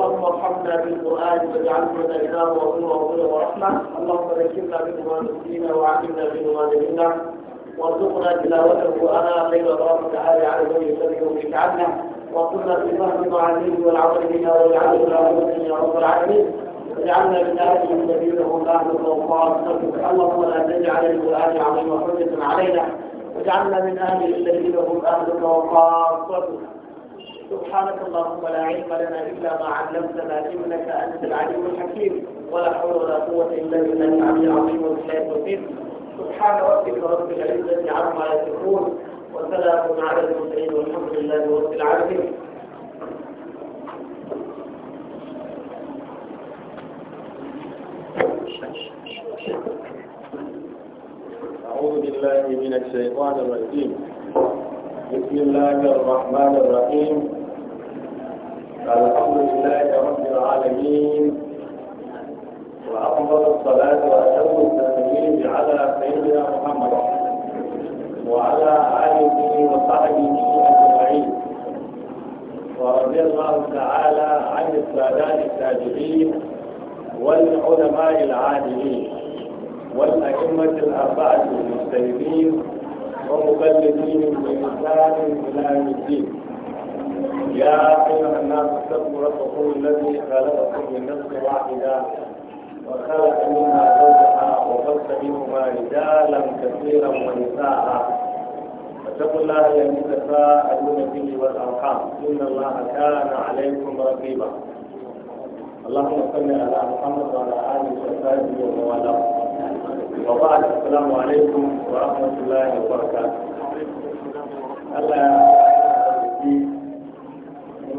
اللهم ارحمنا بالقران واجعلنا اماما ونورا وغفر ورحمه اللهم ذكرنا بما نسينا وعلمنا بما جهلنا وارزقنا تلاوته وانا خير الله تعالى على من يسبح بك عنا وقلنا في فهم معانيه والعمل بها واجعلنا على يا رب العالمين واجعلنا من اهله الذين هم اهل الغفار اللهم لا تجعل القران عظيم حجه علينا واجعلنا من اهله الذين هم اهل وخاصتك سبحانك اللهم لا علم لنا إلا ما علمتنا إنك أنت العليم الحكيم ولا حول ولا قوة إلا بالله العلي العظيم والحياة الدين سبحان ربك رب العزة عما يصفون وسلام على المرسلين والحمد لله رب العالمين أعوذ بالله من الشيطان الرجيم بسم الله الرحمن الرحيم الحمد لله رب العالمين وأفضل الصلاة وأتم التسليم على سيدنا محمد وعلى آله وصحبه أجمعين ورضي الله تعالى عن السادات التابعين والعلماء العادلين والأئمة الأربعة المجتهدين ومقلدين بإحسان إلى الدين يا أيها الناس اتقوا ربكم الذي خلقكم من نفس واحدة وخلق منها زوجها وبث منهما رجالا كثيرا ونساء فاتقوا الله الذي تساءلون به والأرحام إن الله كان عليكم رقيبا اللهم صل على محمد وعلى آله وصحبه ومن والاه وبعد السلام عليكم ورحمة الله وبركاته الله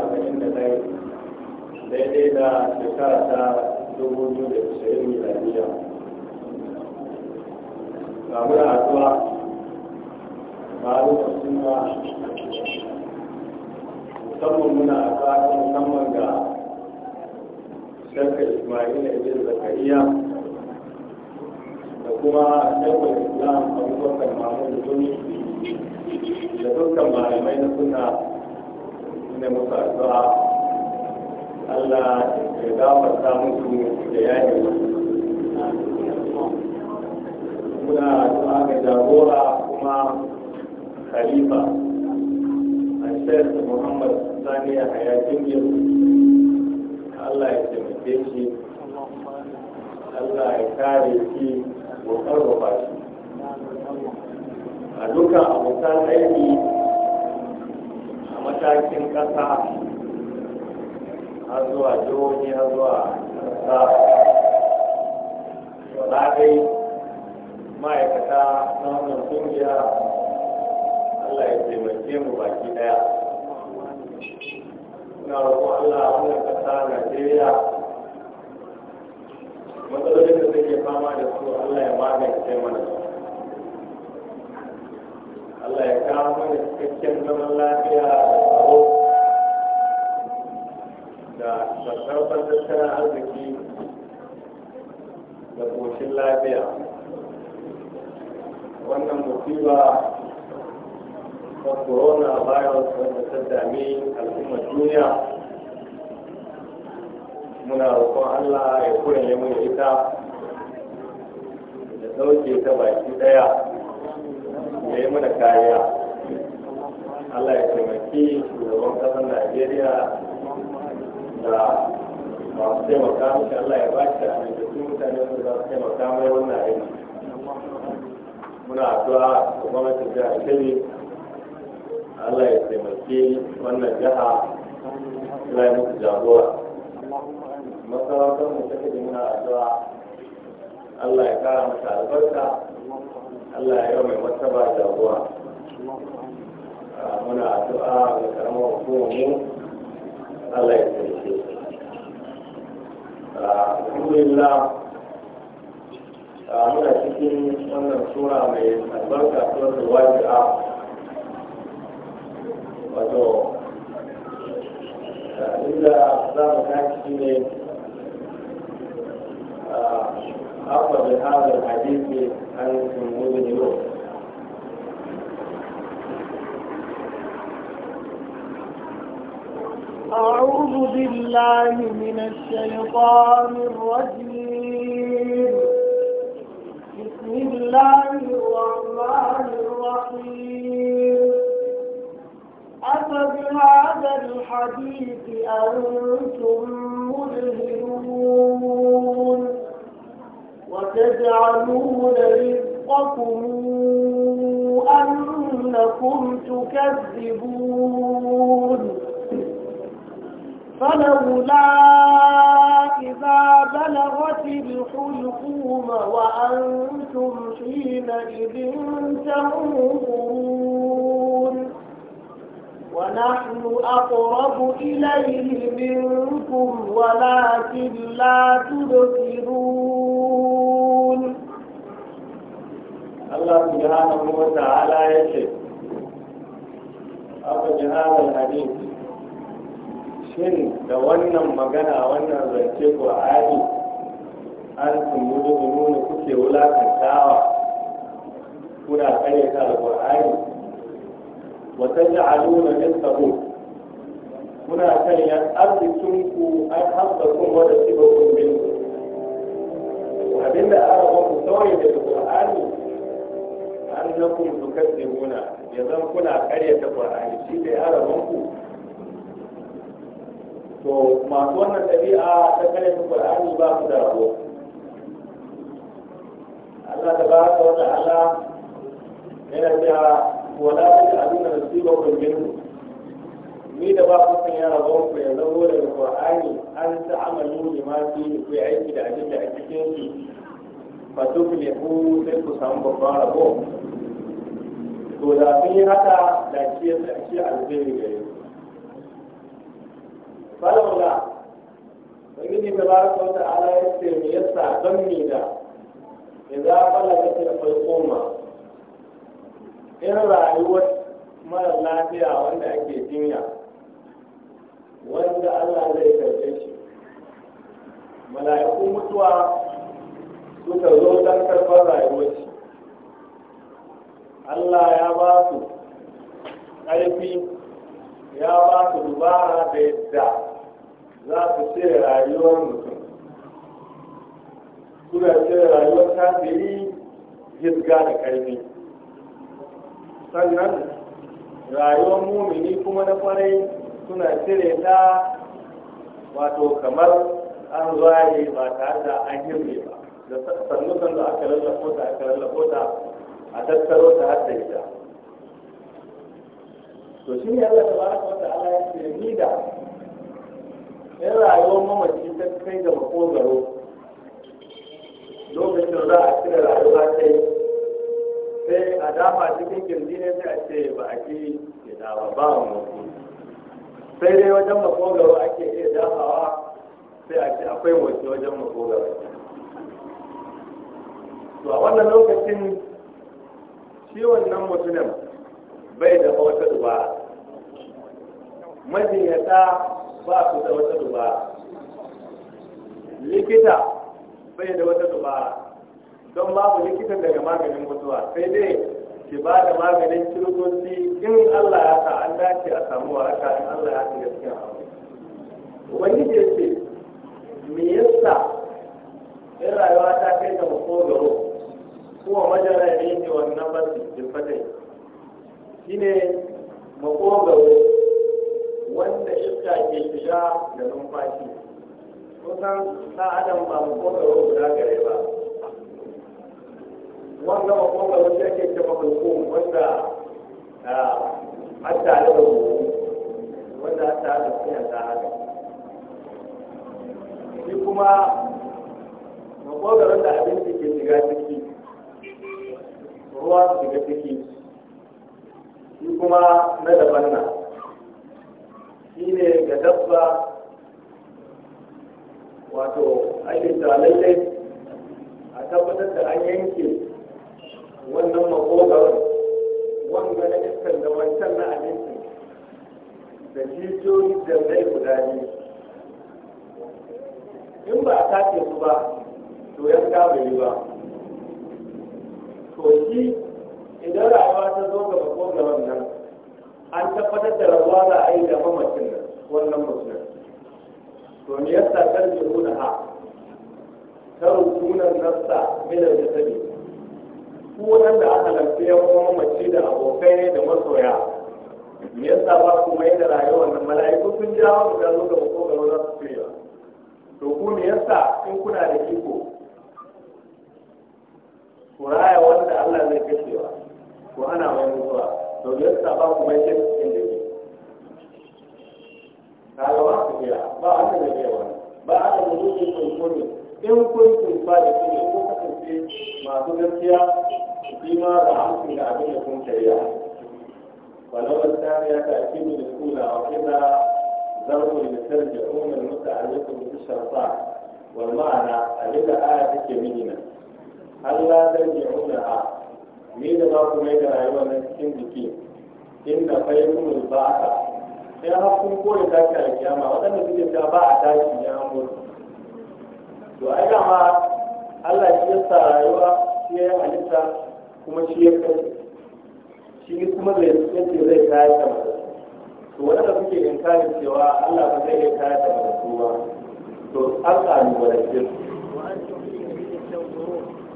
arba'in da ɗaya daidai da shekara ta dubu biyu da ishirin miladiya ga muna haɗuwa ba a lokacin musamman muna haɗuwa ta musamman ga shakka ismail ibn zakariya da kuma shakka islam abubakar mahmud duni da malamai suna ne musu zuwa. Allah ya gafarta musu da yaye muna addu'a ga jagora kuma khalifa a shekh Muhammad Sani a hayakin yau Allah ya taimake shi Allah ya kare shi ko karfafa shi a dukkan abokan aiki matakin ƙasa har zuwa jihohi har zuwa ƙasa ba dai ma'aikata na wannan kungiya Allah ya taimake mu baki ɗaya ina roƙo Allah a wannan ƙasa Najeriya matsalolin da suke fama da su Allah ya magance mana su Allah ya kawo mana cikakken zaman lafiya da tsaro da sassarfar tattalin arziki da koshin lafiya wannan musiba ta corona virus wanda ta dami al'ummar duniya muna roƙon Allah ya kuranye mu ita da ɗauke ta baki ɗaya ya yi mana kariya Allah ya taimaki shugaban kasar Najeriya da masu taimaka mishi Allah ya ba shi da amintattun mutane wanda za su taimaka mai wannan aiki muna addu'a ga gwamnatin jihar Kebbi Allah ya taimaki wannan jiha Allah ya mutu jagora masarautar mu ta kaji muna addu'a Allah ya kara mata albarka Allah ya yau mai wata ba jagowa muna addu'a ga karamar hukumar mu Allah ya taimake alhamdulillah muna cikin wannan sura mai albarka suratul waji'a wato inda za mu tashi ne أخذ هذا الحديث أعوذ بالله من الشيطان الرجيم بسم الله الرحمن الرحيم أفبهذا الحديث أنتم مدهنون وتجعلون رزقكم أنكم تكذبون فلولا إذا بلغت الحلقوم وأنتم حينئذ تنظرون ونحن أقرب إليه منكم ولكن لا تبصرون Allah su jira na kuma ya ce, Aka jira da hadi, shin da wannan magana wannan zance ko ali an kuma zuwa nuna kuke wulakantawa kuna kare ta da ƙwa'ani wata ja'alu na nista kuna kan yan arzikinku an haɓɓa kun wata shiga kun bin abinda aka kuma kawai da An annakum ya zan kuna karyata qur'ani shi dai araban ku to masu wannan ɗabi'a ta ta qur'ani ba su da rabo Allah ta ba baraka wa ta'ala yana cewa wala taj'aluna nasibakum minhu ni da ba ku san yara ba ku yanzu daga qur'ani an ta'amalu lima fi ku aiki da abin da a cikin su ba su ku lefu sai ku samu babban rabo to da sun yi haka da shi ya tsarki alheri gare su falola ubangiji ta baraka wata ala ya ce me yasa don me da idza balagat al-qulquma in rayuwar mara lafiya wanda ake jinya wanda Allah zai karbe shi mala'iku mutuwa suka zo don karɓar rayuwarci Allah ya ba su ƙarfi ya ba su dubara da yadda za su cire rayuwar mutum suna cire rayuwar kafiri gizga da ƙarfi sannan rayuwar mumini kuma na kwarai suna cire ta wato kamar an zuwa ba tare da an girbe ba da sannukan da aka lallafo ta aka lallafo ta a tattaro ta har da ita to shi ne Allah tabaraka wa ta'ala ya ce ni da in rayuwar mamaci ta kai ga makogaro lokacin za a cire rayuwa sai sai a dafa cikin kirji ne sai a ce ba a ki gida ba ba mu sai dai wajen makogaro ake iya dafawa? sai a ce akwai wasu wajen makogaro to a wannan lokacin shi wannan mutumin bai da wata duba majinyata ba su da wata duba likita bai da wata duba don babu likita daga maganin mutuwa sai dai ki ba da maganin kiristoci in allah ya sa an dace a samu waraka in allah ya sa gaskiya wani ke ce me yasa in rayuwa ta kai da makogaro kuwa majara da yake wannan basu yi shi ne makogaro wanda iska ke shiga da numfashi kusan na adam ba makogaro guda gare ba wanda makogaro shi ake ce makulkun wanda hatta da wanda hatta da suna ta haka shi kuma makogaro da abinci ke shiga ciki ruwa su shiga ciki shi kuma na daban na shi ne ga dabba wato aikin da lallai a tabbatar da an yanke wannan makogar wanda na iskar da wancan na abinci da jijiyoyi da zai guda biyu in ba a sake su ba to yanka bai yi ba to shi idan rawa ta zo ga bakon da wannan an tabbatar da rawa za a yi da mamacin nan wannan mutum to me yasa tarjihu na ha tarjunan nafsa min al-jasadi ku nan da aka lafi ya kuma mamaci da abokai da masoya me yasa ba ku mai da rayuwa, nan mala'iku sun jira wa ta zo ga bakon da wannan su to ku me yasa in kuna da iko kuraya wanda Allah zai kashewa ko ana wani zuwa to biyar saba ku mai ce cikin da ke kalawa ku biya ba a da biya wani ba a da mutum kun kuni in kun kun ba da ku kuni ko kasance masu gaskiya shi ma da hamsin da abin da kun ya ta shari'a ولو الثانية تأكيد الأولى وكذا ذروا لترجعون المتعلق sharfa والمعنى الذي آية كمينة Allah zan yi a ni da ba ku mai da rayuwa na cikin jiki inda fai kuma ba ka sai har kun koyi tashi a kiyama waɗanda suke ta ba a tashi ya mutu to ai dama Allah shi ya sa rayuwa shi ya halitta kuma shi ya kai shi kuma zai yace zai tashi da to waɗanda suke inkarin cewa Allah ba zai iya tashi da mutu ba to an ƙalubalance su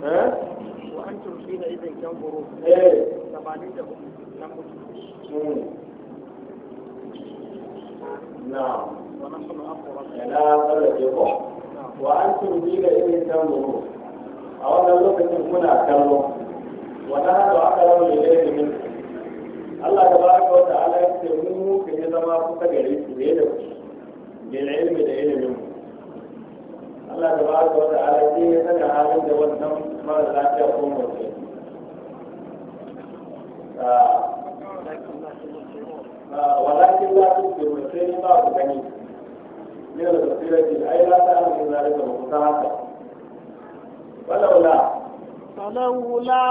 wa antum hina idan tanzuru eh 84 na mutu na'am wa nahnu aqrab ila qalbikum wa antum hina idan tanzuru a Allah da baraka wa ta'ala ya ce mu ke zama kusa gare shi da ilimi da ilimin Allah da ba ka wata alaƙi ya sanya halin da wannan mara lafiya ko mace. Ah. Ah, walakin ba su ke mace ne ba ku gani. Yau da tafi da ke ai ba ta hannun zari da mutu ta haka. Walau la. Walau la.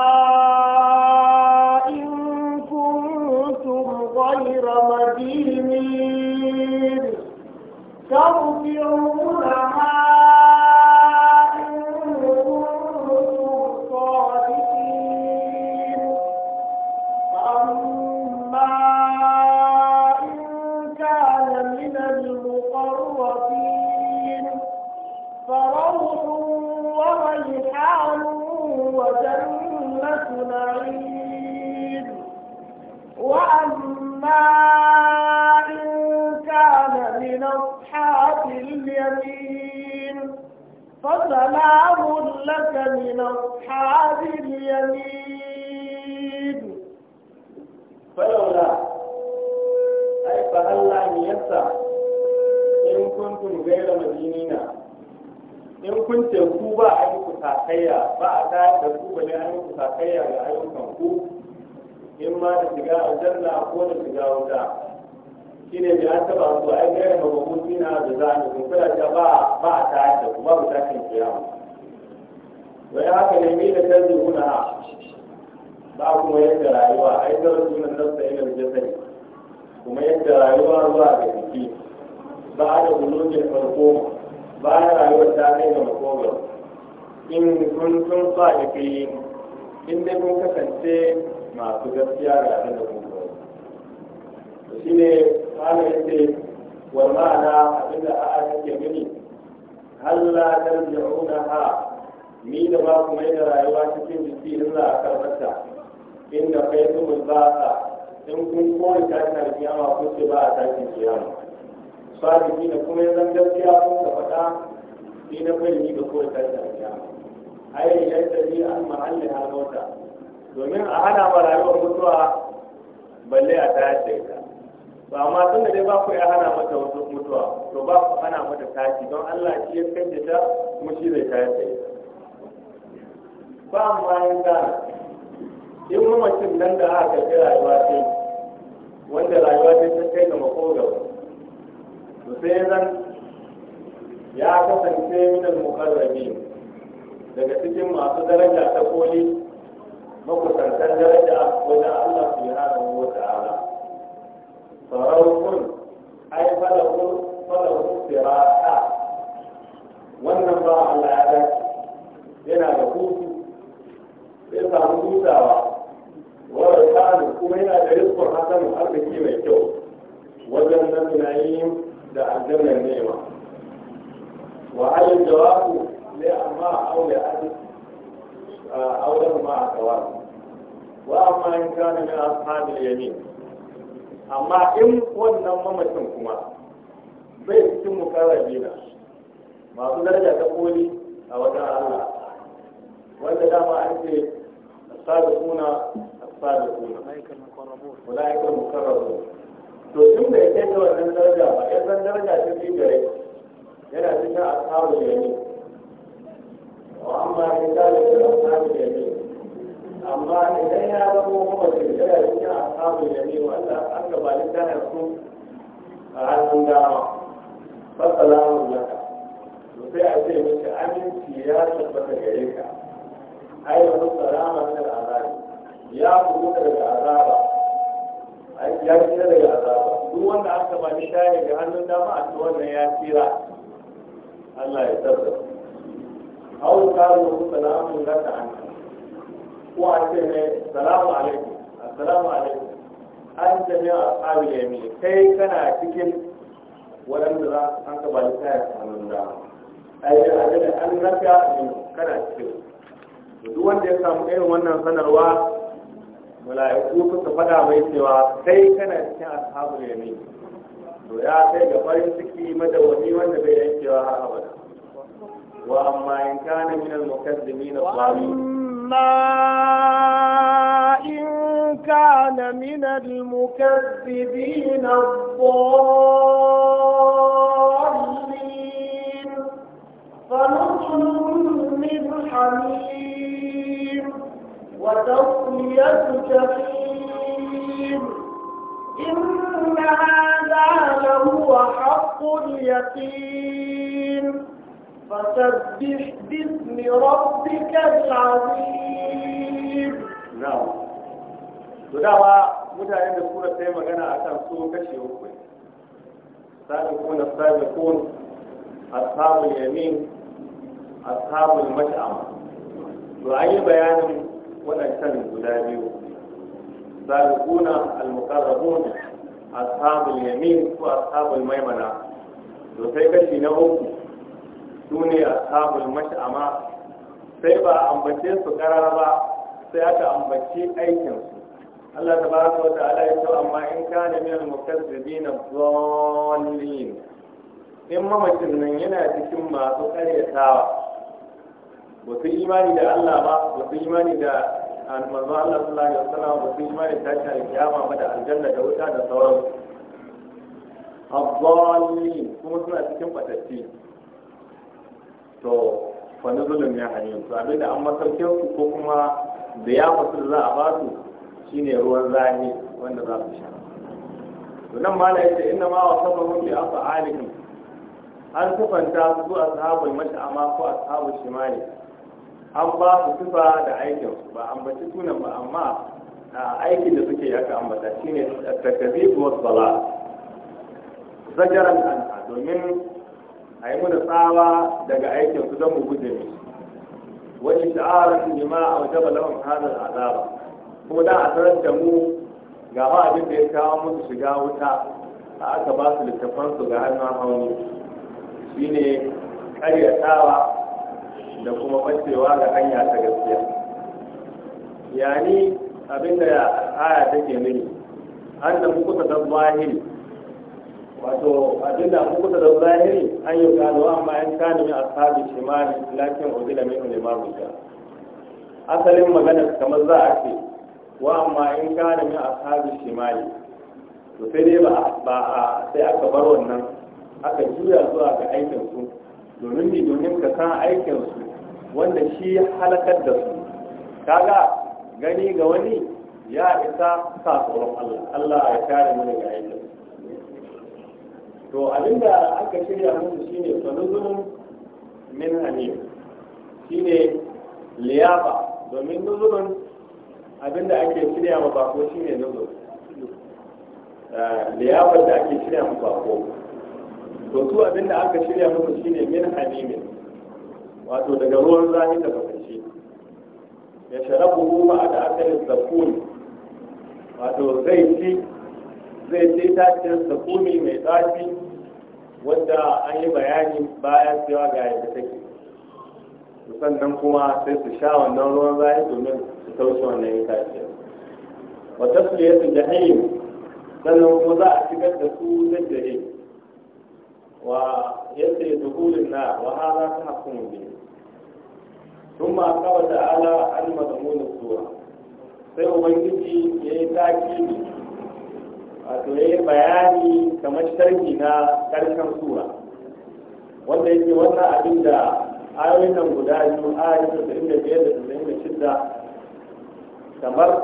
وسلام لك من أصحاب اليمين فلولا أي فهلا يسع إن كنتم غير مدينين in kun ce ku ba a yi kusakayya ba a ta da ku ba ne a yi kusakayya ga ayyukan ku in ma da shiga aljanna ko da shiga wuta shine ne an taba su ai gaya ma gobe na da za a kun kira ta ba ba a ta da kuma ba ta kan kiyama wai haka ne mai da kanzu kuna ba kuma yadda rayuwa ai da sunan nafsa ila jasadi kuma yadda rayuwa zuwa ga jiki ba a da bulogin farko ba na rayuwar ta kai ga makogar in kun sun sa da kai in dai kun kasance masu gaskiya ga da kuma shi ne kala ya ce wa ma'ana abin da a aka ke mini Allah dan jaruna ha ni da ba ku mai da rayuwa cikin jiki in za a inda kai su mun ba in kun kore tashin alkiyama ko ce ba a tashin kiyama sabi ni da kuma yanzu gaskiya ko ka faɗa na kai ni da kore tashin alkiyama ai an mahalli halauta domin a hana ba rayuwar mutuwa balle a tashin kiyama ba amma tunda dai ba ku ya hana mata wasu mutuwa to ba ku hana mata tashi don Allah shi ya kanta ta kuma shi zai ta yi ita ba ma yanda in mutum nan da aka kai rayuwa ce wanda rayuwa ce ta kai ga makogaro to sai zan ya kasance min al-muqarrabin daga cikin masu daraja ta koli makusantar daraja wajen Allah subhanahu wa ta'ala farawun ai falahun falahun firaka wannan ba Allah ya yana da hutu zai samu hutawa wanda ta'ani kuma yana da rizkon hasanin arziki mai kyau wajen na tunanin da aljannar nema wa alin jawabu ne amma a aure arziki auren ma a kawar wa amma in kana min ashabil yamin amma in wannan mamacin kuma bai cikin mukarrabi jina masu daraja ta koli a wajen Allah wanda dama an ce asabiquna asabiquna malaikal muqarrabun malaikal muqarrabun to tun da kai da wannan daraja ba ya san daraja ta fi gare yana cikin ashabul yamin wa amma in da ashabul yamin amma idan ya zama kuma shekara cikin asabu da ne wanda an gabanin tana su a hannun dama fasalamun laka to sai a ce miki aminci ya tabbata gare ka ai wani salama na azabi ya kuma daga azaba ya tsira daga azaba duk wanda an gabanin tana ga hannun dama a ci wannan ya tsira Allah ya tabbata. Hau kalu salamun laka an ko a ce mai salamu alaikum assalamu alaikum an jami'a ashabi da yami kai kana cikin waɗanda za su an gaba da A hannun dama ai da ajiyar an raka min kana cikin duk wanda ya samu irin wannan sanarwa mala'iku suka faɗa mai cewa kai kana cikin ashabu da yami to ya kai ga farin ciki madawwami wanda bai yankewa har abada wa amma in kana min al-mukazzimin al-zalimin إن كان من المكذبين الضالين فنصر من حميم وتصلية جحيم إن هذا لهو حق اليقين فسبح باسم ربك العظيم نعم تدعوا مجال عند سورة تيمة جانا عشان سورة كشي أخوي أصحاب يكون أصحاب يكون أصحاب اليمين أصحاب المشعم وعي بيان ونسان الجدابي سابقون المقربون أصحاب اليمين وأصحاب الميمنة وسيكشي نوم Duniya ne ashabul mash'ama sai ba ambace su karara ba sai aka ambaci aikin su Allah tabaraka wa ta'ala ya amma in kana min al-mukazzibina dhallin in mamacin nan yana cikin masu karyatawa ba su imani da Allah ba ba su imani da manzo Allah sallallahu alaihi wasallam ba su imani da tashi alkiyama ba da aljanna da wuta da sauransu الضالين kuma suna cikin batacce to wani zulun ya hanyu to abinda an masauke su ko kuma da ya fasu za a ba su shine ruwan zafi wanda za su sha to nan ma yace inna ma wa sabahum a afalihim an sifanta su zuwa ashabul mash'ama ko a sahabar shimali an ba su sifa da aikin ba ambaci sunan ba amma aiki da suke ya aka ambata shine takazib wa sala zajaran an domin a yi mana tsawa daga aikin su don mu guje wani sha'arar su ma a wata balawar hannun azaba Ko da a sanar da mu ga ba abin da ya kawo musu shiga wuta a aka ba su littafan su ga hannun ne shine karyatawa da kuma bacewa ga hanya ta gaskiya yani abin da aya take mini. an da kuka zan zahiri wato abin da kuma kusa da zahiri an yi gano amma yan kano min ashabi shimali lakin uzila min limamu ja asalin magana kamar za a ce wa amma in kano min ashabi shimali to sai dai ba a sai aka bar wannan aka juya zuwa ga aikin su domin ne domin ka san aikin su wanda shi halakar da su kaga gani ga wani ya isa sa tsoron Allah Allah ya kare mu daga aikin su to abinda aka shirya musu shine fanuzun min hamim shine liyafa domin nuzulun abinda ake shirya ma bako shine nuzul eh, liyafa da ake shirya ma bako to su abinda aka shirya musu shine min hamimin wato daga ruwan zafi da kasance ya sharabu kuma a da yi zakun wato zai ci zai ce taciyar zakuni mai tsafi wadda an yi bayani bayan cewa ga yadda take sannan kuma sai su sha wannan ruwan zai domin su taushe wannan Wata su ya tasliyatu jahayin sannan kuma za a shigar da su zai jahim wa yadda duhulin na wa hada ta hakun bi ثم da ala an مضمون السورة sai ubangiji ya yi wato yi bayani kamar sharhi na ƙarshen sura wanda yake wannan abin da ayoyin nan guda biyu a tasa'in da biyar da tasa'in da shidda kamar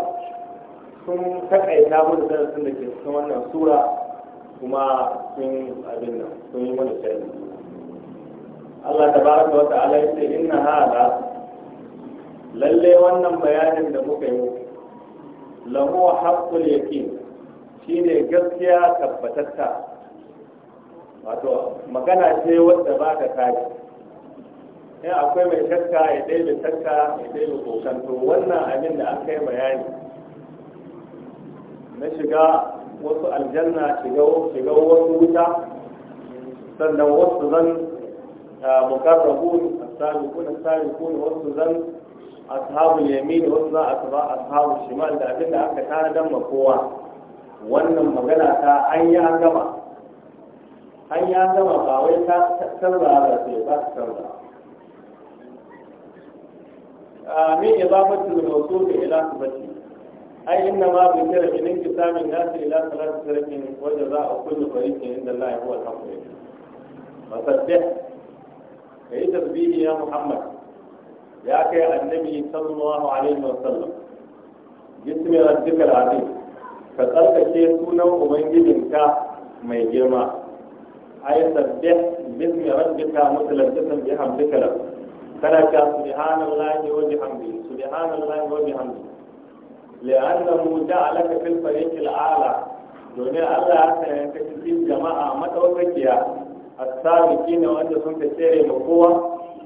sun takaita mana darasin da ke cikin wannan sura kuma sun abin nan sun yi mana sharhi Allah tabaraka wa ta'ala ce inna hada lalle wannan bayanin da muka yi lahu haqqul yaqin Shi ne gaskiya tabbatatta wato magana ce wadda ba ta kare in akwai mai shakka ya ɗaya shakka ya ɗaya kokanto wannan abin da an kai bayani na shiga wasu aljanna shiga wasu wuta sannan wasu zan kuna sami kuna wasu zan ashabul yamin wasu zan ashabul shimal da abin da aka tana dan makowa wannan magana ta an yi an gama an yi an gama ba wai ta canza da ce ba ta canza min ibabatul da ila sifati ai inna ma bi tarfin inkisamin nas ila salati tarfin wa jazaa'u kulli fariqin inda Allah huwa al-haqq fasabbih kai tasbihi ya Muhammad ya kai annabi sallallahu alaihi wa sallam bismi rabbikal azim ka tsarkake sunan ubangijinka mai girma ay sabbih bismi rabbika mutaladdisan bi hamdika la kana ka subhanallahi wa bihamdihi subhanallahi wa bihamdihi li'annahu ja'alaka fil fariqil a'la domin Allah ya sanya ka cikin jama'a madaukakiya as-sabiqina wanda sun ka tsere ma kowa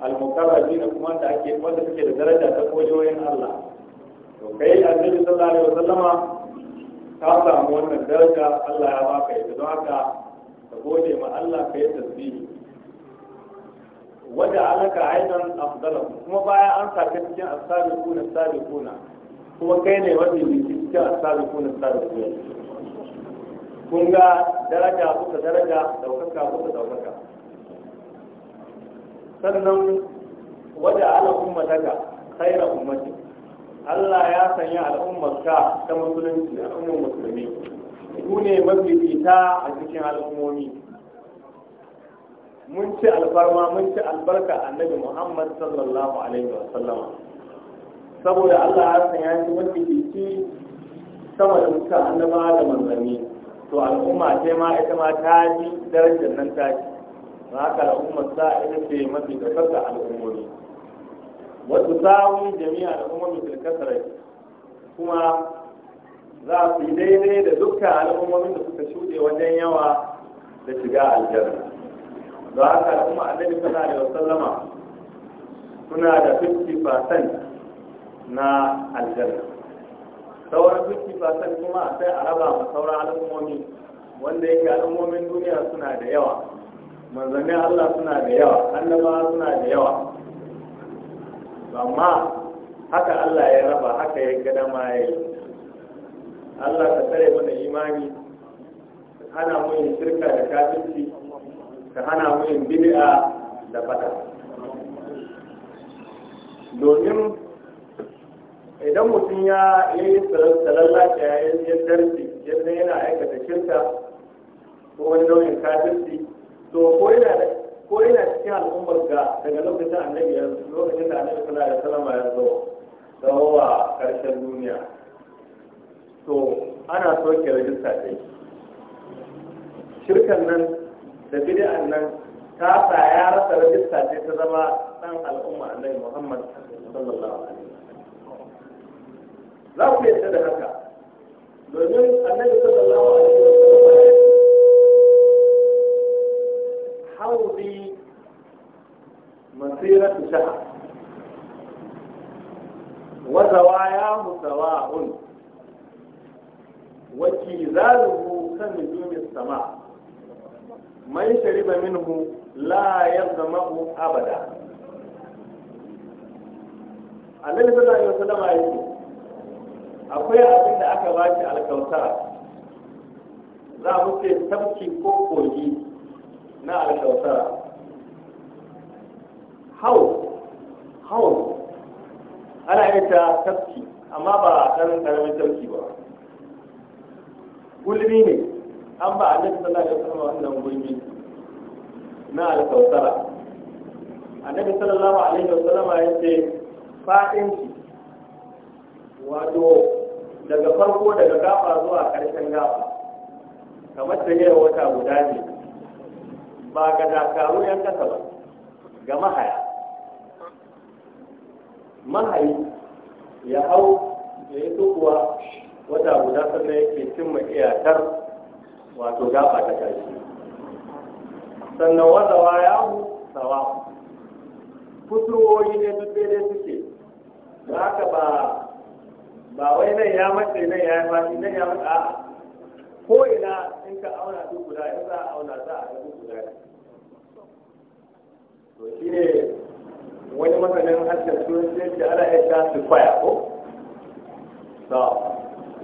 al-muqarrabina kuma wanda ake wanda suke da daraja ta kojoyin Allah to kai annabi sallallahu alaihi wasallama ka samu wannan daraja Allah ya baka ita don haka ka gode ma Allah ka yi tasbihi wanda alaka aidan afdalahu kuma bayan an saka cikin asabiquna asabiquna kuma kai ne wanda yake cikin asabiquna asabiquna kun ga daraja kuka daraja daukaka kuka daukaka sannan wanda ala ummataka khayra ummatika Allah ya sanya al'ummarka ta musulunci al'ummar musulmi ku ne mafifita a cikin al'ummomi mun ci alfarma mun ci albarka annabi Muhammad sallallahu alaihi wa sallama saboda Allah ya sanya shi mafifici sama da duka annaba da manzanni to al'umma ce ma ita ma ta ji darajar nan ta ji haka al'ummar sa ita ce mafi da al'ummomi wasu tsawon jami'a da kuma mutum kasarai kuma za su yi daidai da dukkan al'ummomin da suka shuɗe wajen yawa da shiga aljanna da haka da kuma annabi sallallahu alaihi wasallama suna da 50% na aljanna sauran 50% kuma sai a raba ma sauran al'ummomi wanda yake al'ummomin duniya suna da yawa manzannin Allah suna da yawa annabawa suna da yawa amma haka Allah ya raba haka ya gada ma ya yi Allah ka tsare mana imani ka hana mu yin shirka da kafirci ka hana mu yin bid'a da fata domin idan mutum ya yi salalla ya yi darsi yadda yana aikata shirka ko wani nau'in kafirci to ko yana da ko yana cikin al'ummar ka daga lokacin annabi ya lokacin da annabi sallallahu alaihi wasallam ya zo dawowa karshen duniya to ana so ke rajista dai shirkan nan da bid'an nan ta sa ya rasa rajista dai ta zama dan al'umma annabi Muhammad sallallahu alaihi wasallam za ku yadda da haka domin annabi sallallahu yaghma minhu la yaghmahu abada annabi sallallahu alaihi wasallam ya yi akwai abin da aka ba shi alkauta za mu ce tabki ko kogi na alkauta hau hau ana yin ta tabki amma ba a ɗan ƙaramin tabki ba gulmi ne an ba a nan sallallahu da wasallam wannan gulmi na alkautara annabi sallallahu alaihi wasallam ya ce fa'in wato daga farko daga gafa zuwa ƙarshen gafa kamar da yi wata guda ne ba ga dakaru yan kasa ba ga mahaya mahayi ya hau ya yi tukuwa wata guda sannan yake cimma iyakar wato gafa ta ƙarshe sannan wata wayahu sawa fitowoyi ne duk daidai suke da haka ba ba wai nan ya mace nan ya yi fashi nan ya mata a'a ko ina in ka auna duk guda in za a auna za a duk guda to shi ne wani masanin harshen turanci da ana iya ta su kwaya ko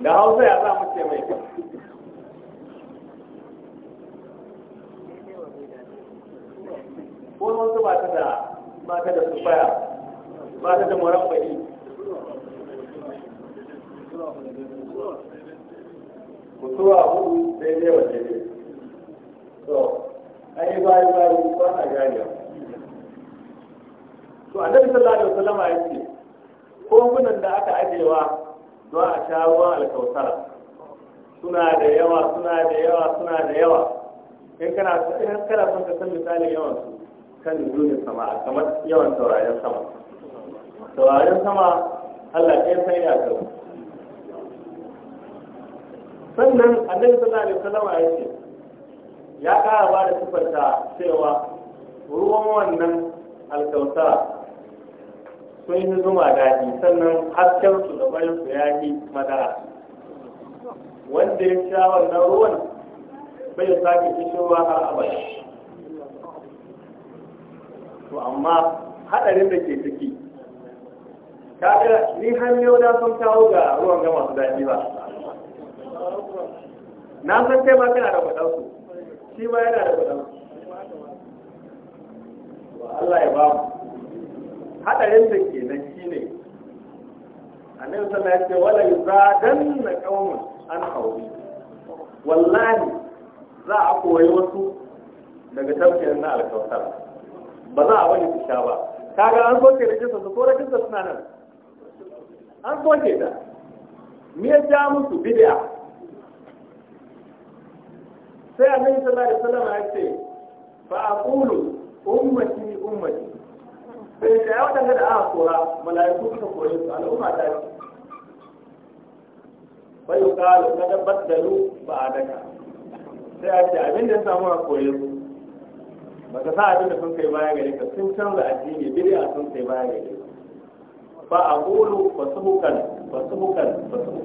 da hausa ya za mu ce mai ko wasu ba ta da ba ta da sufaya ba ta da murabba'i mutuwa hudu daidai wa daidai so an yi bayu bayu ba a gariya to annabi sallallahu alaihi wasallama ya ce kogunan da aka ajewa don a sha ruwan alkautara suna da yawa suna da yawa suna da yawa in kana in kana son ka san misalin yawan su kan nujin sama kamar yawan taurarin sama taurarin sama Allah ɗaya sai ya kawo sannan annabi sallallahu alaihi wasallam ya ya ƙara ba da sifarta cewa ruwan wannan alkautara sun yi zuma daɗi sannan hasken su da bayan su ya yi madara wanda ya sha wannan ruwan bai sake kishin ruwa har abada to amma haɗarin da ke ciki kaga ni hanyo na sun kawo ga ruwan gama su daɗi ba na san kai ma kana da kwaɗansu shi ma yana da kwaɗansu Allah ya ba mu haɗarin da ke nan shi ne annabi sallallahu alaihi wasallam wala na qaumun an hawli wallahi za a koyi wasu daga tafiyar na alkawtar ba za a wani su sha ba kaga an soke da kisa su ko kisa suna nan an soke ta me ya ja musu bid'a sai annabi sallallahu alaihi wasallam ya ce fa aqulu ummati ummati sai da yawa da aka kora mala'iku suka kore su al'umma ta ce Bayu yuqalu kada baddalu ba'adaka sai a ce abin da ya samu a kore su ba sa abin da sun kai baya gare ka sun canza addini a sun kai baya gare ka fa aqulu fasuhukan ba su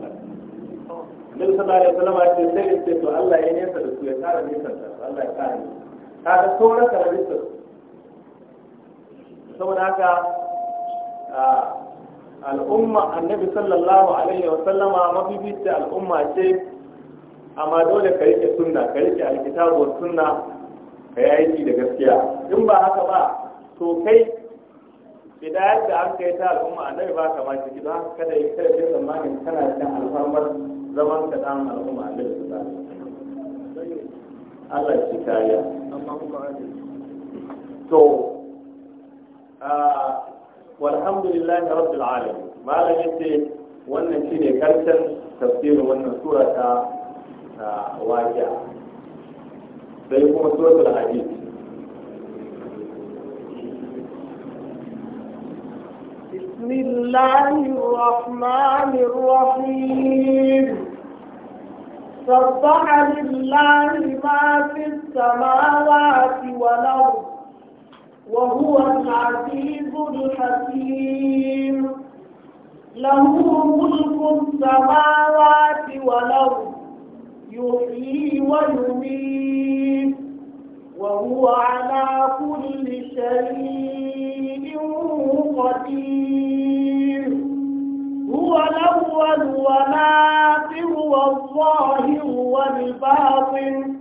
Nabi sallallahu alaihi wasallam ya ce sai ce to Allah ya nesa da su ya tsara nesa da Allah ya tsara ni ka ga sauran su saboda haka al'umma annabi sallallahu alaihi wasallama mabibita al'umma ce amma dole ka rike sunna ka rike alkitabu sunna ka yi aiki da gaskiya in ba haka ba to kai hidayar da an kai ta al'umma annabi ba ka ma ciki don haka kada yi kada ya tsammanin kana cikin alfarmar zaman ka dan al'umma annabi sallallahu alaihi wasallam Allah shi kariya to walhamdulillahi rabbil alamin malam yace wannan shine karshen tafsirin wannan sura ta waqi'a بسم الله الرحمن الرحيم سبح لله ما في السماوات والأرض وهو العزيز الحكيم له ملك السماوات والأرض يحيي ويميت وهو على كل شيء قدير هو الأول والآخر والظاهر والباطن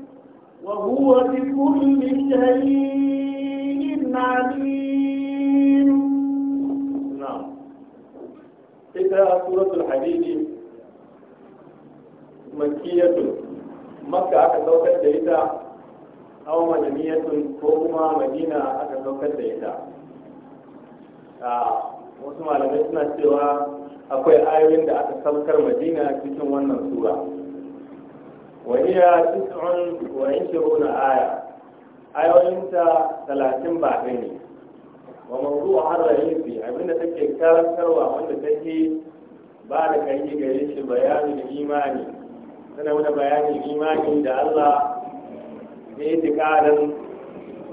وهو بكل شيء عليم نعم إذا سورة الحديد مكية makka aka saukar da ita aw madaniyatun ko kuma madina aka saukar da ita wasu malamai suna cewa akwai ayoyin da aka saukar madina cikin wannan sura wa iya tis'un wa ishiruna aya ayoyinta talatin ba ne wa mawdu'u har rahisi abinda take karantarwa wanda take ba da kai gare shi bayanin imani suna wani bayanin imani da Allah da yadda tikarin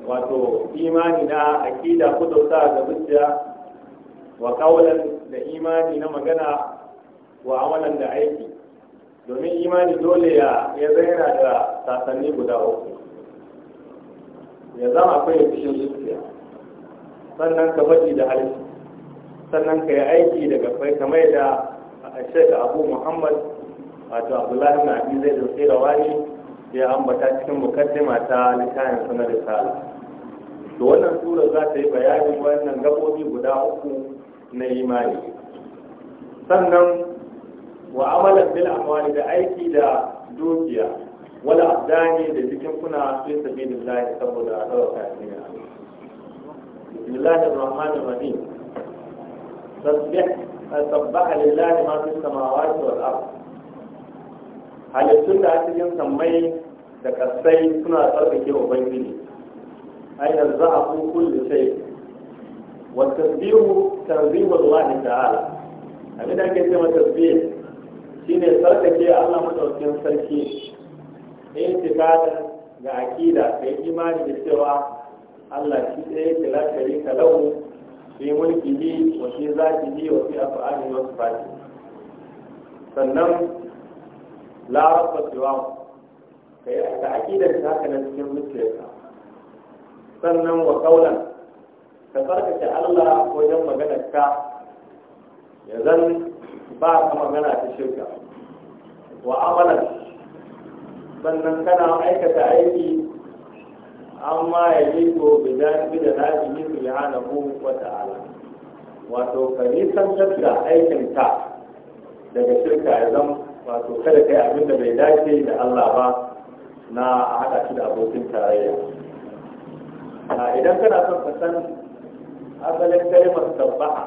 wato imani na akida kudurta da zuciya wa kawalan da imani na magana wa amalan da aiki domin imani dole ya ya zaina da sasanni guda uku ya zama akwai cikin zuciya sannan ka faɗi da halittu sannan ka yi aiki daga kamar da a shaida abu muhammad wato abdullahi na abin zai dauke da wani ya ambata cikin mukaddima ta littafin sanar da sala to wannan sura za ta yi bayanin wannan gabobi guda uku na imani sannan wa amalan bil amwali da aiki da dukiya wala abdani da cikin kuna sai sabilillah saboda a dauka ne bismillahir rahmanir rahim tasbih sabbaha lillahi ma fis samawati wal ardh halittun da cikin sammai da kasai suna tsarkake ubangiji aina za a kun kulle sai wa tasbihu a Allah ta'ala abin da ake cewa tasbih shine tsarkake Allah madaukakin sarki intiqadan ga akida yi imani da cewa Allah shi ɗaya ke la sharika lahu fi mulkihi wa fi zatihi wa fi af'alihi wasu sifatihi sannan la rabba siwa ka yi ta aƙidar ta haka nan cikin zuciyarka sannan wa kaulan ka tsarkake Allah wajen maganar ka ya zan ba ka magana ta shirka wa amalan sannan kana aikata aiki amma ya yi ko bi da nabi subhanahu wa ta'ala wato ka nisantar da aikinta daga shirka ya zama wato kada kai abin da bai dace da Allah ba na haɗa shi da abokin tarayya idan kana son ka san asalin kalmar sabbaha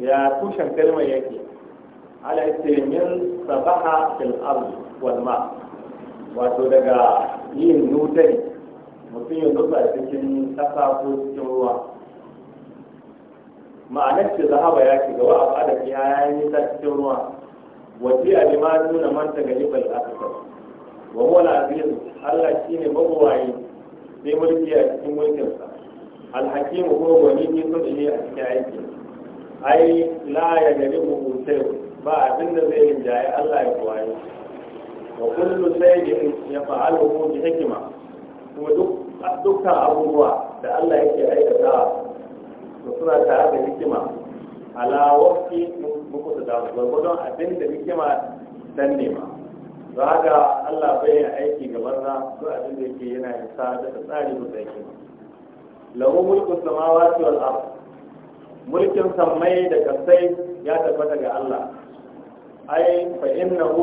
ya tushen kalmar yake ala min sabaha fil ardi wal ma wato daga yin nutari mutum ya nutsa cikin ƙasa ko cikin ruwa ma'anar ce zahaba ya shiga wa abu da ya yi nisa cikin ruwa wasiya ne ma nuna manta ta gani bal asfar wa huwa al-aziz Allah shine magwayi sai mulki a cikin mulkinsa. sa al-hakim ko gwani ne so ne a cikin aiki ai la ya gari mu sai ba abin da zai rinjaye Allah ya kwaye wa kullu sayyidin ya fa'aluhu bi hikma kuma duk dukkan abubuwa da Allah yake aikata to suna tare da hikima ala wafi muku da damu? gwargwadon abin da muke ma dan nema don haka Allah bai yin aiki ga banza ko abin da yake yana yin sa da tsari musa yake lahu mulku samawati wal ard mulkin sammai da kasai ya tabbata ga Allah ai fa innahu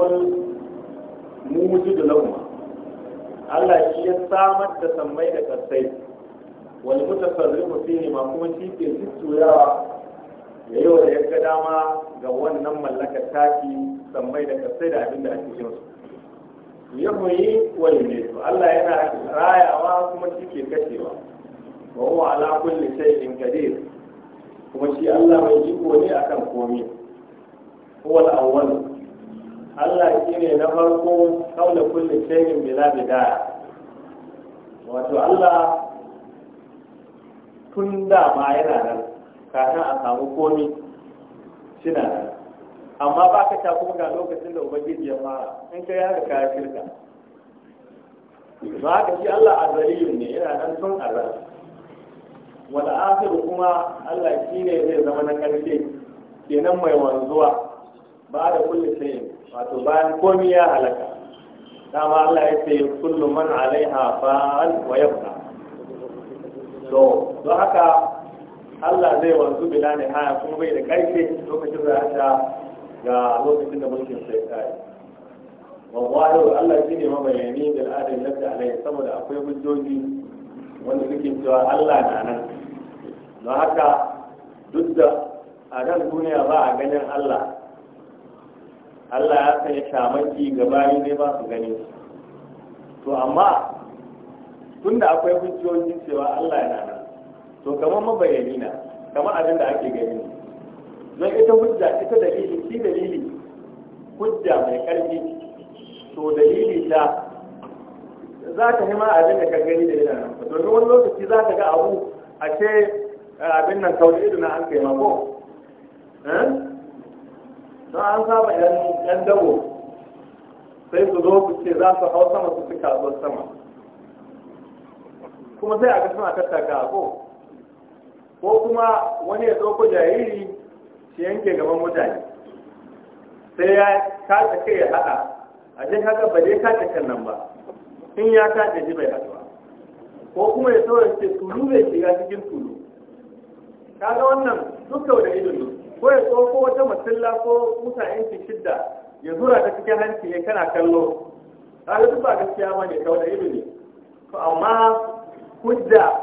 mujidu lahum Allah shi ya samar da sammai da kasai wal mutafarriqu fihi ma kuma shi ke zuciyawa ya yi wa ya dama ga wannan mallakar taki sammai da kasai da abin da ake yau su ya koyi wani ne su Allah yana rayawa kuma shi ke kashewa wa huwa ala kulli shay'in qadir kuma shi Allah mai iko ne akan komai huwa al-awwal Allah shi ne na farko kaula kulli in bila bidaya wato Allah tun da ba yana nan kafin a samu komi shina amma ba ka ta kuma ga lokacin da ubangiji ya fara in ka yi haka kaya shirka ba ka shi Allah azaliyun ne yana nan tun azal wata asiru kuma Allah shi ne zai zama na ƙarshe kenan mai wanzuwa ba da kulle sai wato bayan komi ya halaka dama Allah ya ce kullu man alaiha fa'al wa yabqa to don haka Allah zai wanzu bila ne haya kuma bai da karfe lokacin da ta ga lokacin da mulkin sai tsari wallahi Allah shi ne mabayani bil da yadda alai saboda akwai hujjoji wanda suke cewa Allah na nan don haka duk da a nan duniya ba a ganin Allah Allah ya sanya shamaki ga bayi ne ba su gani to amma tunda akwai hujjoji cewa Allah na nan to kamar mabayani na kamar abin da ake gani don ita hujja ita dalili shi dalili hujja mai karfi to dalili ta za ta hima abin da ka gani da yana nan domin wani lokaci za ka ga abu a ce abin nan sauri ido na an kai mako eh? don an saba yan dawo sai su zo su ce za su hau sama su fi kasuwar sama kuma sai a kasu suna tattaka ko ko kuma wani ya tsoko jariri shi yanke gaban mutane sai ya kata kai ya haɗa a jin haka ba dai kata kan nan ba in ya kata shi bai haɗuwa ko kuma ya tsoro ce tulu bai shiga cikin tulu kaga wannan duk da idon ne ko ya tsoko wata matsala ko mutanen ki shidda ya zura ta cikin hanci ya kana kallo kaga duk ba gaskiya ba ne kawai da idon to amma hujja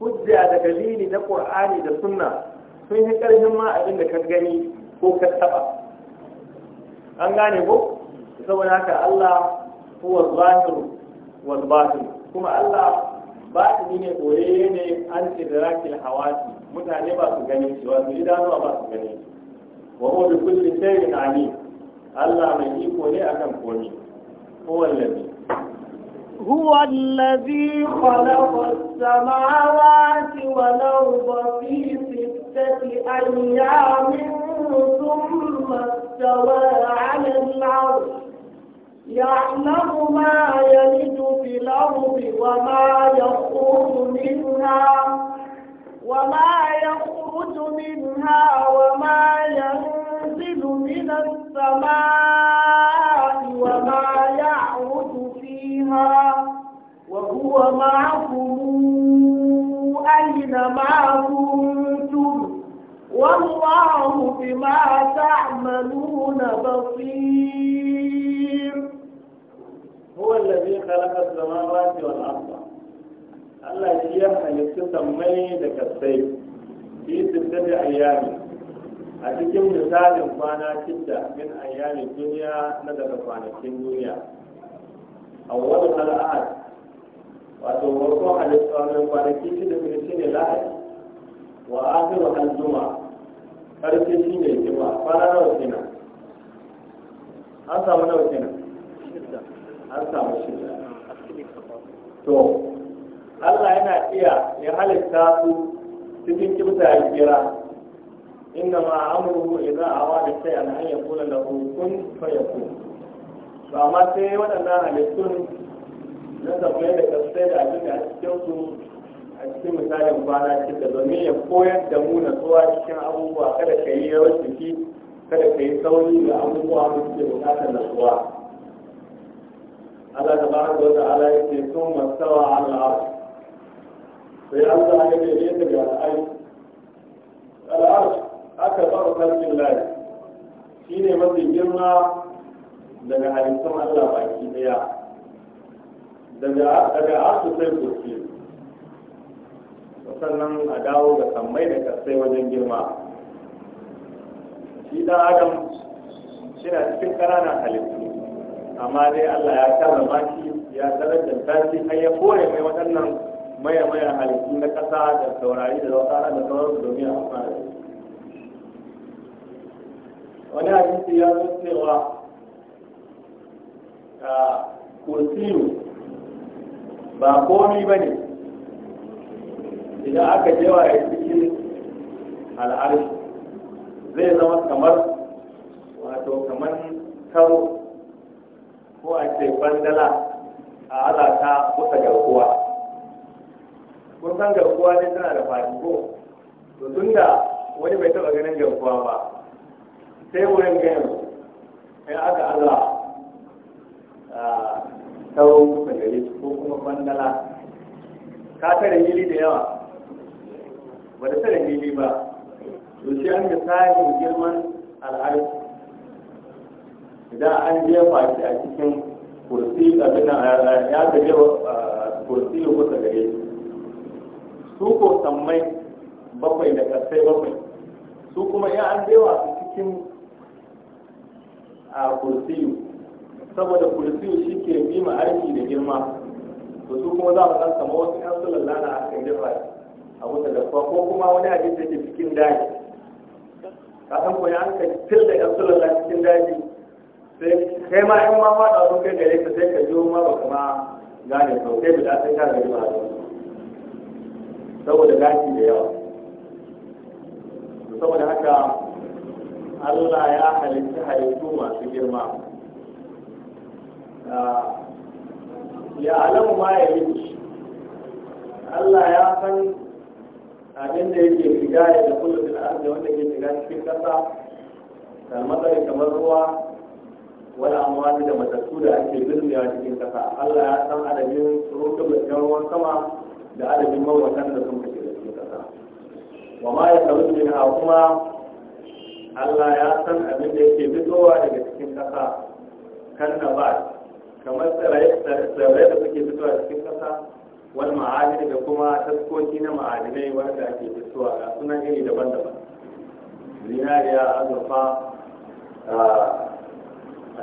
hujja da dalili na qur'ani da sunna sun yi ƙarfin ma abin da ka gani ko ka taba an gane ko saboda haka Allah huwa zahir wal batin kuma Allah batini ne koye ne an idrakil hawati mutane ba su gani shi wato idanuwa ba su gani wa huwa bi kulli shay'in alim Allah mai iko ne akan komai ko wallahi هو الذي خلق السماوات والأرض في ستة أيام ثم استوى على العرش يعلم ما يلد في الأرض وما يخرج منها وما يخرج منها وما ينزل من السماء ومعكم أينما كنتم والله بما تعملون بصير هو الذي خلق السماوات والأرض Allah shi ya halittu sammai da kasai fi sinta da ayyami a cikin misalin kwana shida min ayyami duniya na daga kwanakin duniya a wani al'ad wato farko halitta kwanaki shi da kuma shi ne lahadi wa wa haljuma karfe shi ne fara kwana nawa kenan an samu wasu na an samu shida to Allah yana iya ya halitta su cikin kimta ya kira Inda ma a wa da sai an kula da hukun fayakun to amma sai waɗannan halittun na zama da tafsir da abin da a cikin su a cikin misalin kwana shida domin ya koyar da mu na tsuwa cikin abubuwa kada ka yi yawan jiki kada ka yi sauri ga abubuwa da suke bukatar natsuwa Allah ta baraka wa ta'ala yake sun masawa ala al'arsh sai Allah ya ce ne daga al'arsh al'arsh aka fara sarkin lafi shine mafi girma daga halittun Allah baki daya daga asu sai kurki sannan a dawo ga sammai da kasai wajen girma shi dan adam shi na cikin ƙananan halittu amma dai Allah ya kama maki ya da shi har ya kore mai waɗannan maya maya halittu na ƙasa da saurari da zautara da sauransu domin a wani hadisi ya zo cewa ah, kursiyu ba komi ba ne idan aka jewa ya cikin al'arshi zai zama kamar wato kamar karo ko a ce bandala a azata kusa garkuwa kun san garkuwa ne tana da fadi ko to da wani bai taba ganin garkuwa ba sai wurin ganin ya aka allah tsawo da gare ko kuma bandala ka tare hili da yawa ba da tare hili ba to shi an misali girman al'adu idan an jefa shi a cikin kursi abin ya gaje kursi ko ta gare su su ko sammai bakwai da kasai bakwai su kuma ya an jefa su cikin a kursiyu saboda kursiyu shi ke bi ma aiki da girma to su kuma za mu san kamar wasu ƴan su lallana a kan jefa a wuta da kuma ko kuma wani abin da ke cikin daji ka san ko ya an ka tilda ƴan su lallana cikin daji sai kai ma in ma da sun kai gare ka sai ka jiwo ma ba kuma gane to kai da sai ka gari ba saboda gashi da yawa saboda haka Allah ya halitta halittu masu girma Ah, ya alamu ma ya yi Allah ya san abin da yake shiga ya da kullum da arzi wanda ke shiga cikin kasa kalmatsari kamar ruwa wani amfani da matattu da ake birniya cikin kasa Allah ya san adadin rukun da ruwan sama da adadin mawatan da sun kashe da cikin kasa wa ma ya sabu min ha kuma Allah ya san abin da yake fitowa daga cikin kasa kan na ba tsirrai da suke fitowa cikin ƙasa wani ma'adini da kuma taskoki na ma'adinai wanda ake fitowa a sunan iri daban-daban zinariya azurfa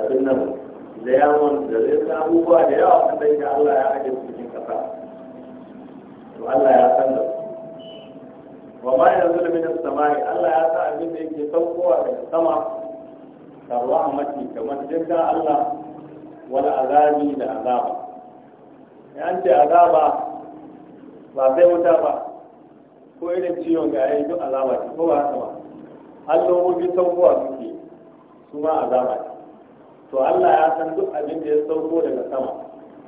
abin nan da yawon da zai abubuwa da yawa wanda yake Allah ya ajiye su cikin ƙasa to Allah ya san da wa ma ya da minin samari Allah ya sa abin da yake saukowa daga sama karwa a mace kamar jirgin Allah wani azabi da azaba ya ce azaba ba sai wuta ba ko irin ciwon ga yayi duk azaba ce ko ba haka ba allomomi saukowa suke su ma azaba ce to Allah ya san duk abin da ya sauko daga sama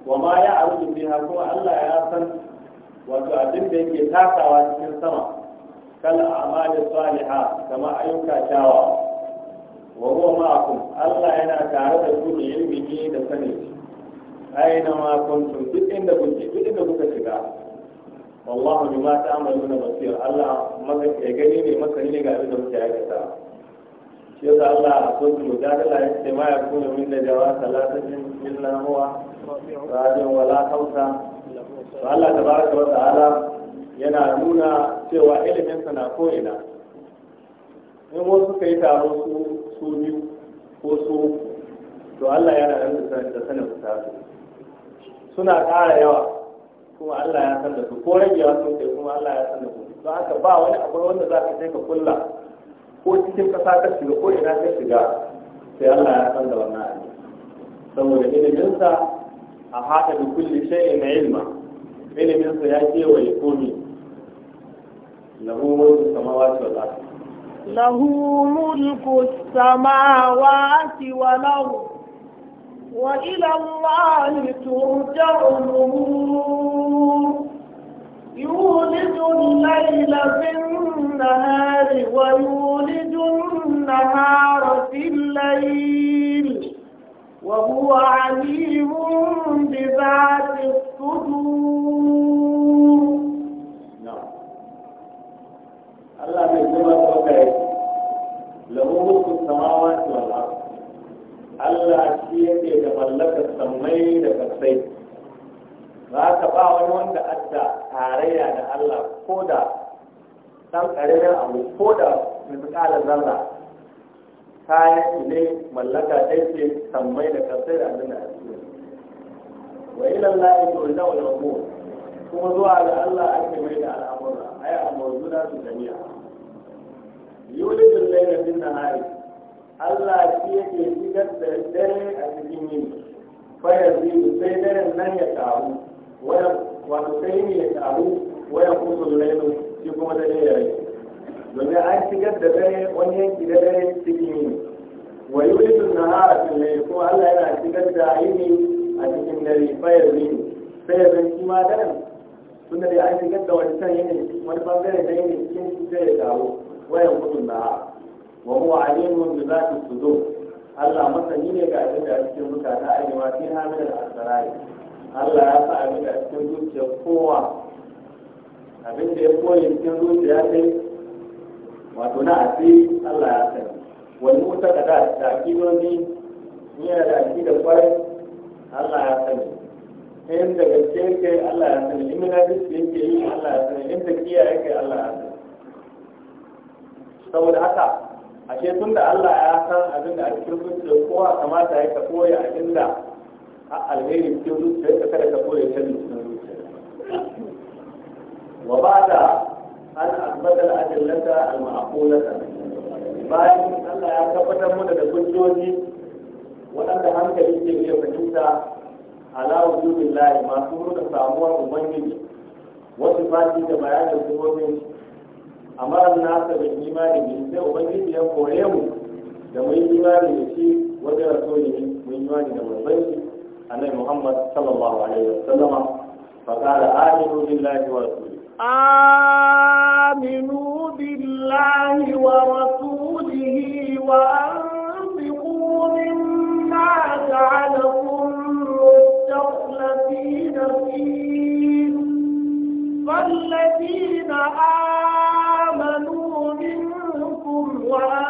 wa ma ya arzu biha kuma Allah ya san wato abin da yake takawa cikin sama kal a'malu salihah kama ayyuka kyawawa wawo huwa Allah yana tare da ku da ilmihi da sani aina ma kuntum duk inda kuke duk inda kuka shiga wallahu bima na basir Allah maka ya gani ne maka ne ga abin da kuke aikata shi yasa Allah a kuntum da ya ce ma yakunu min najawa salatin illa huwa rajin wala hausa to Allah tabaraka wa ta'ala yana nuna cewa ilimin sa na ko'ina in wasu kai yi taro su so biyu ko so to Allah yana nan da sanin fita su suna ƙara yawa kuma Allah ya san da su ko ragewa sun kai kuma Allah ya san da su don haka ba wani abu wanda za ka sai ka kulla ko cikin ƙasa ka shiga ko ina ka shiga sai Allah ya san da wannan abu saboda iliminsa a haka da kulle shay'in na ilma iliminsa ya kewaye komi lahu mulku samawati za su. له ملك السماوات والأرض وإلى الله ترجع الأمور يولد الليل في النهار ويولد النهار في الليل وهو عليم بذات الصدور ba ka ba wani wanda adda tarayya da Allah ko da dan ƙararren abu ko da misƙala zalla kayan ne mallaka ɗai ce da kasai da abin da wa ilan la'i to ina wani abu kuma zuwa ga Allah ake mai da al'amura ai amurzu da su jami'a yulidin laila na hari Allah shi yake shigar da dare a cikin yini fayar zai sai daren nan ya taru. waya wato sai ne ya taru waya kusa da laifin shi kuma dare ya rai domin an shigar da dare wani yanki da dare cikin yini wa yulidu nahara fil layl ko Allah yana shigar da yini a cikin dare bayar yini sai ya zan shi ma daren tunda dai an shigar da wani san yini wani bangare da yini cikin shi sai ya taru waya kusa nahara wa huwa alimun su zati sudur Allah masani ne ga abin da a cikin zukata a yi ma fi hamilal asrarai Allah ya sa abin da cikin zuciya kowa abin da ya koyi cikin zuciya ne wato na asiri Allah ya sani wani wuta da da da akidoni ni yana da da kwarai Allah ya sani in da gaske yake Allah ya sani in da yake yi Allah ya sani in kiya yake Allah ya sani saboda haka ashe tun da Allah ya san abin da a cikin zuciya kowa kamata ya ka koya abin da alheri cikin zuciya ka kada ka kore sharri cikin zuciya wa ba da an asbata al'adillata al-ma'qulata bayan Allah ya tabbatar mu da hujjoji waɗanda hankali ke iya fahimta ala wujudin lahi masu nuna samuwar ubangiji wasu fati da bayanin sifofin amaran nasa da imani ne sai ubangiji ya kore mu da mu yi imani da shi wajen rasoli mu imani da manzon النبي محمد صلى الله عليه وسلم فقال آمنوا بالله ورسوله آمنوا بالله ورسوله وأنفقوا مما جعلكم مستخلفين فيه فالذين آمنوا منكم وأنفقوا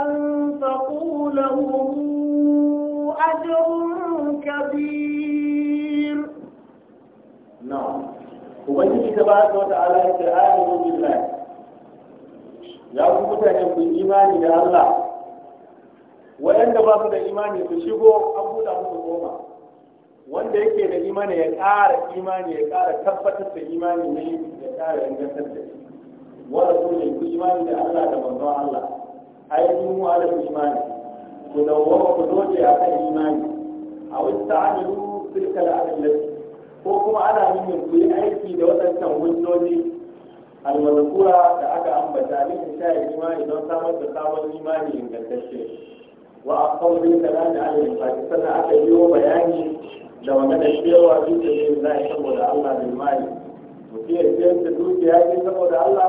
tabaraka wa ta'ala ya ce aminu billahi ya ku mutane ku imani da Allah waɗanda ba su da imani su shigo an buɗa musu goma wanda yake da imani ya ƙara imani ya ƙara tabbatar da imani ne ya ƙara ingantar da shi wanda su ne ku imani da Allah da manzon Allah ai kun mu ala imani ku dawo ku a akan imani a wasu ta'amilu tilka al'adallati ko kuma ana yin ku aiki da waɗancan hujjoji almazkura da aka ambata min sha imani don samar da sabon imani ingantacce wa aqaw bil kalam alayhi fa sannan aka yi bayani da magana cewa duk da yin zai saboda Allah bil mali mutum ya ce da dukiya ce saboda Allah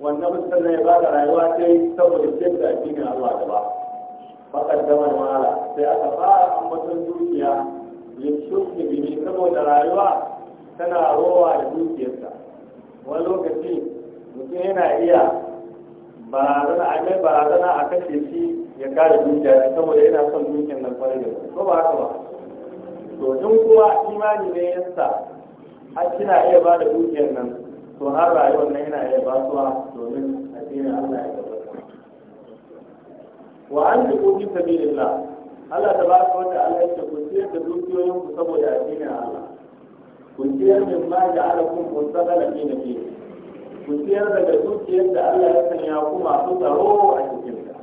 wannan mutum ya ba da rayuwa ce saboda ce da addinin Allah da ba faqad da mala sai aka fara ambaton dukiya yusuf da bihi saboda rayuwa tana rowa da dukiyarsa wani lokaci mutum yana iya barazana a mai barazana a kashe shi ya kare dukiya saboda yana son dukiyar nan kwarai da ko ba haka ba to in kuma imani ne yansa har kina iya ba da dukiyar nan to har rayuwar nan yana iya basuwa domin addinin Allah ya gabata wa an tuku fi sabilillah Allah da ba ka wata Allah yake ku ciyar da dukiyoyin ku saboda addinin Allah ku ciyar min ma ja'ala kun mustaqala fi ke. ku ciyar daga dukiyar da Allah ya sanya ku masu tsaro a cikin ta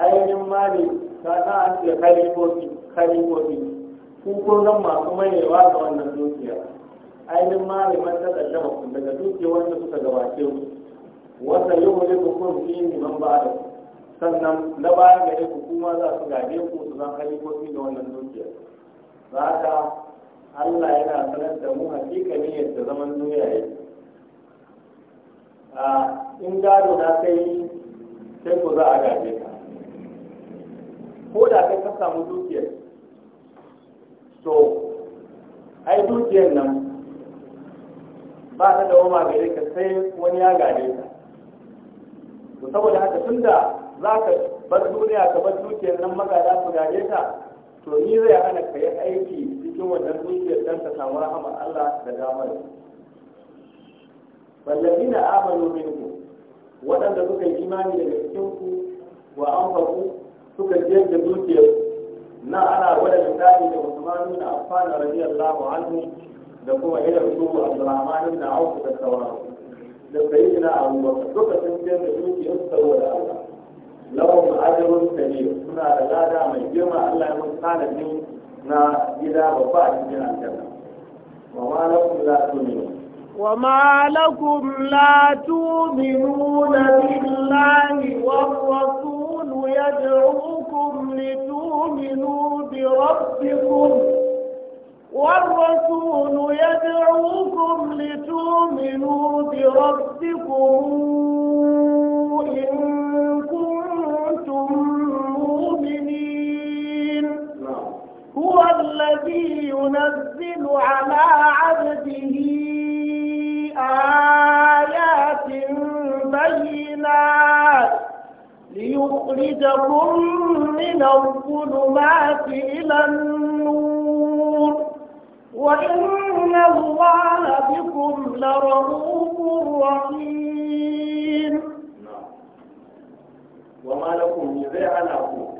ainihin mali ta ta an ce kalifofi kalifofi ku kun zan masu mayewa ga wannan dukiya ainihin ne man ta kaddama daga dukiyar wanda suka gabace ku wanda yau ne ku kun fi man ba da ku sannan na bayan gare ku kuma za su gaje ku su zan hali halifofi da wannan dukiya za ka Allah yana sanar da mu hakikani yadda zaman duniya yake a in gado na kai sai ku za a gaje ka ko da kai ka samu dukiyar to ai dukiyar nan ba ta da wama gare ka sai wani ya gaje ka to saboda haka tunda za ka bar duniya ka bar dukiyar nan magada ku gaje ta to ni zai hana ka yi aiki cikin wannan dukiyar dan ka samu rahamar Allah da damar wallazina amanu minku waɗanda suka yi imani daga cikin ku wa anfaqu suka jiyar da dukiyar na ana gwada misali da musulmanu na afana radiyallahu anhu da kuma irin su Abdurrahman na auku da sauransu da sayyidina Abu Bakar duka sun jiyar da dukiyar saboda Allah lahum ajrun kabir suna da lada mai girma Allah ya na gida babba a cikin aljanna wa ma lakum la tu'minun وما لكم لا تؤمنون بالله والرسول يدعوكم لتؤمنوا بربكم والرسول يدعوكم لتؤمنوا بربكم إن هو الذي ينزل على عبده آيات بينات ليخرجكم من الظلمات إلى النور وإن الله بكم لرؤوف رحيم نعم. وما لكم إذا أنكم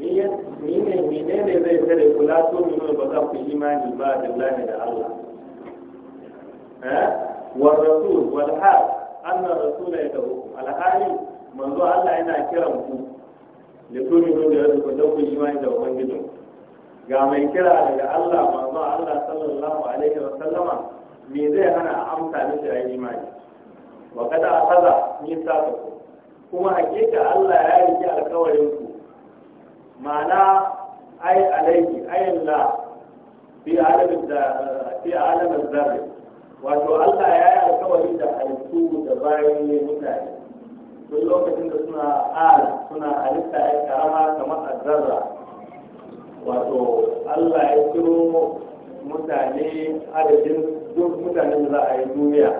mene ne zai tare kula to mino ba za ku imani ba da lahi da Allah eh? wa rasul wal hal anna rasul ya dahu alhali manzo Allah yana kiran ku da to mino da yadda ku dauki imani da ubangiji ga mai kira daga Allah manzo Allah sallallahu alaihi wa sallama me zai hana a amsa mishi a imani wa kada akaza ni ku. kuma hakika Allah ya yi alƙawarin ku ma'ana ai alaiki ayin la fi alamin da fi zarri wato Allah ya yi alkawari da halittu da bayan ne mutane duk lokacin da suna ala suna halitta ya karama kamar azzarra wato Allah ya kiro mutane adadin duk mutanen da za a yi duniya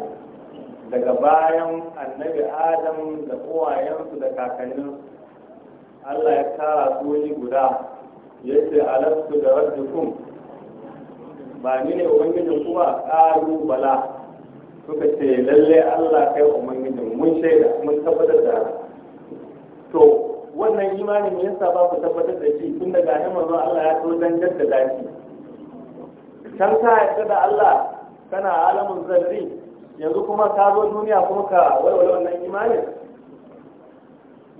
daga bayan annabi adam da uwayensu da kakanninsu Allah ya kara su guda ya ce alastu da rabbikum ba ni ne ubangijin ku ba ƙaru bala suka ce lalle Allah kai ubangijin mun shaida mun tabbatar da to wannan imanin ya yasa ba ku tabbatar da shi tun daga nan mazo Allah ya so dan da shi can ka yadda da Allah kana alamun zarri yanzu kuma ka zo duniya kuma ka walwala wannan imanin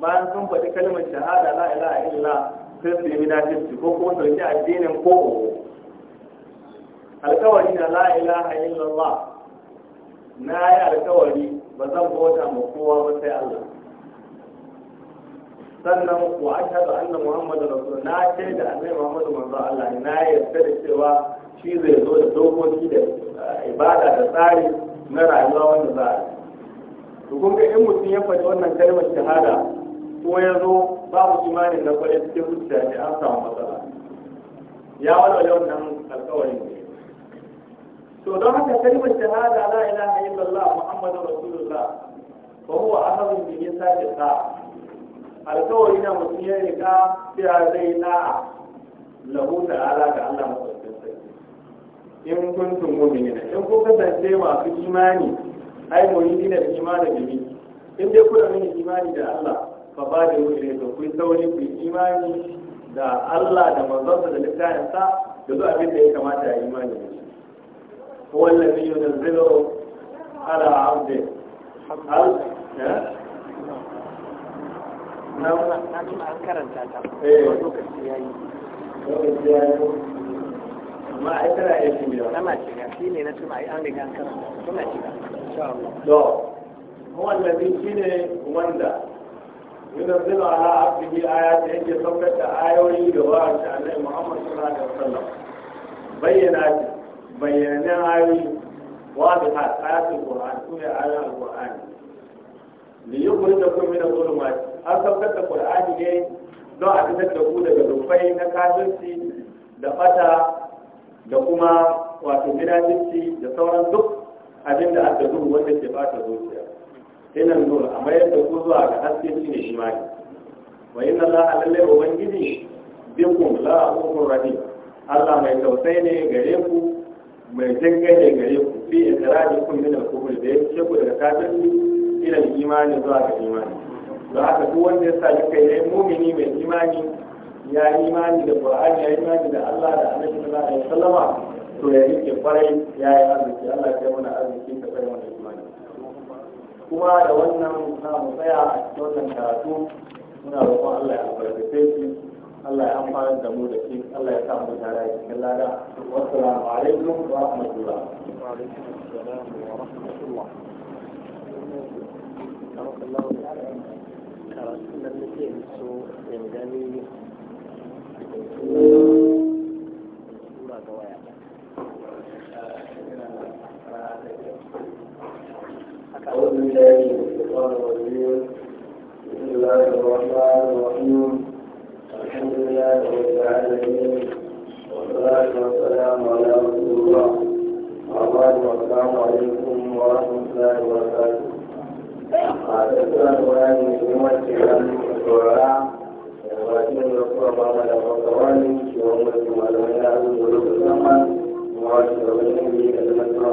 bayan sun faɗi kalmar shahada la ilaha illa sai su yi dace ko kuma su yi addinin ko alkawari da la ilaha illallah na yi alkawari ba zan bauta ma kowa ba sai Allah sannan wa ashhadu anna muhammadu rasul na ce da annabi muhammadu manzo Allah na yarda da cewa shi zai zo da dokoki da eh, ibada da tsari na rayuwa wanda za a yi to kun ga in mutum ya faɗi wannan kalmar shahada ko ya zo babu imanin da kwaɗe cikin zuciya ne an samu matsala ya yau nan alkawari ne to don haka kalmar shahada la ilaha illallah muhammadur rasulullah fa huwa ahadun bi yasati sa alkawari na mutum ya riga sai zai na lahu ta'ala ga Allah madaukakin sarki in kuntum mu'minina in kun kasance masu imani ai mu'minina bi imani bi in dai kuna mini imani da Allah fa ba da wuri da ku sauri ku yi imani da Allah da manzonsa da littafin sa da zuwa abin da ya kamata a imani da shi ko wallazi yunzilu ala abdi al eh? na an karanta ta eh. lokaci yayi lokaci yayi amma ai tana iya shiga tana shiga shi ne na tuna ai an riga an karanta tana shiga to wannan shi ne wanda ينزل على عبده آيات يجي صفة آيوي جواب شأن محمد صلى الله عليه وسلم بينات بيانا آيوي واضحة آيات القرآن كل على القرآن ليخرجكم من الظلمات أصفة القرآن هي don a تقول da ku دفتا rufai na kafirci da fata da kuma wato gidajenci da sauran duk abin da aka wanda ke fata zuciya ilan nur a mayar da ku zuwa ga haske shi ne shi ma ne wa inna allaha lalle ubangiji bikum la akhufur rahim Allah mai tausayi ne gare ku mai jinkai ne gare ku fi ikrari kun min al-kufr da yake ku daga kafirci ila imani zuwa ga imani don haka duk wanda ya sa kai yayi mu'mini mai imani ya yi imani da Qur'ani ya yi imani da Allah da Annabi sallallahu alaihi wasallama to ya rike farai ya yi arziki Allah ya yi mana arziki ka kai mana kuma da wannan na mu a wannan karatu muna roƙon Allah ya albarkace shi Allah ya amfana da mu da shi Allah ya sa mu tare a cikin lada alaikum wa rahmatullah wa alaikum wa rahmatullah da أعوذ بالله من الشيطان الرجيم بسم الله الرحمن الرحيم الحمد لله رب العالمين والصلاة والسلام على رسول الله والسلام عليكم ورحمة الله وبركاته Adapun orang yang dimaksudkan seorang yang wajib melakukan amal dan kawan yang mesti malamnya untuk bersama, mewajibkan diri dan menerima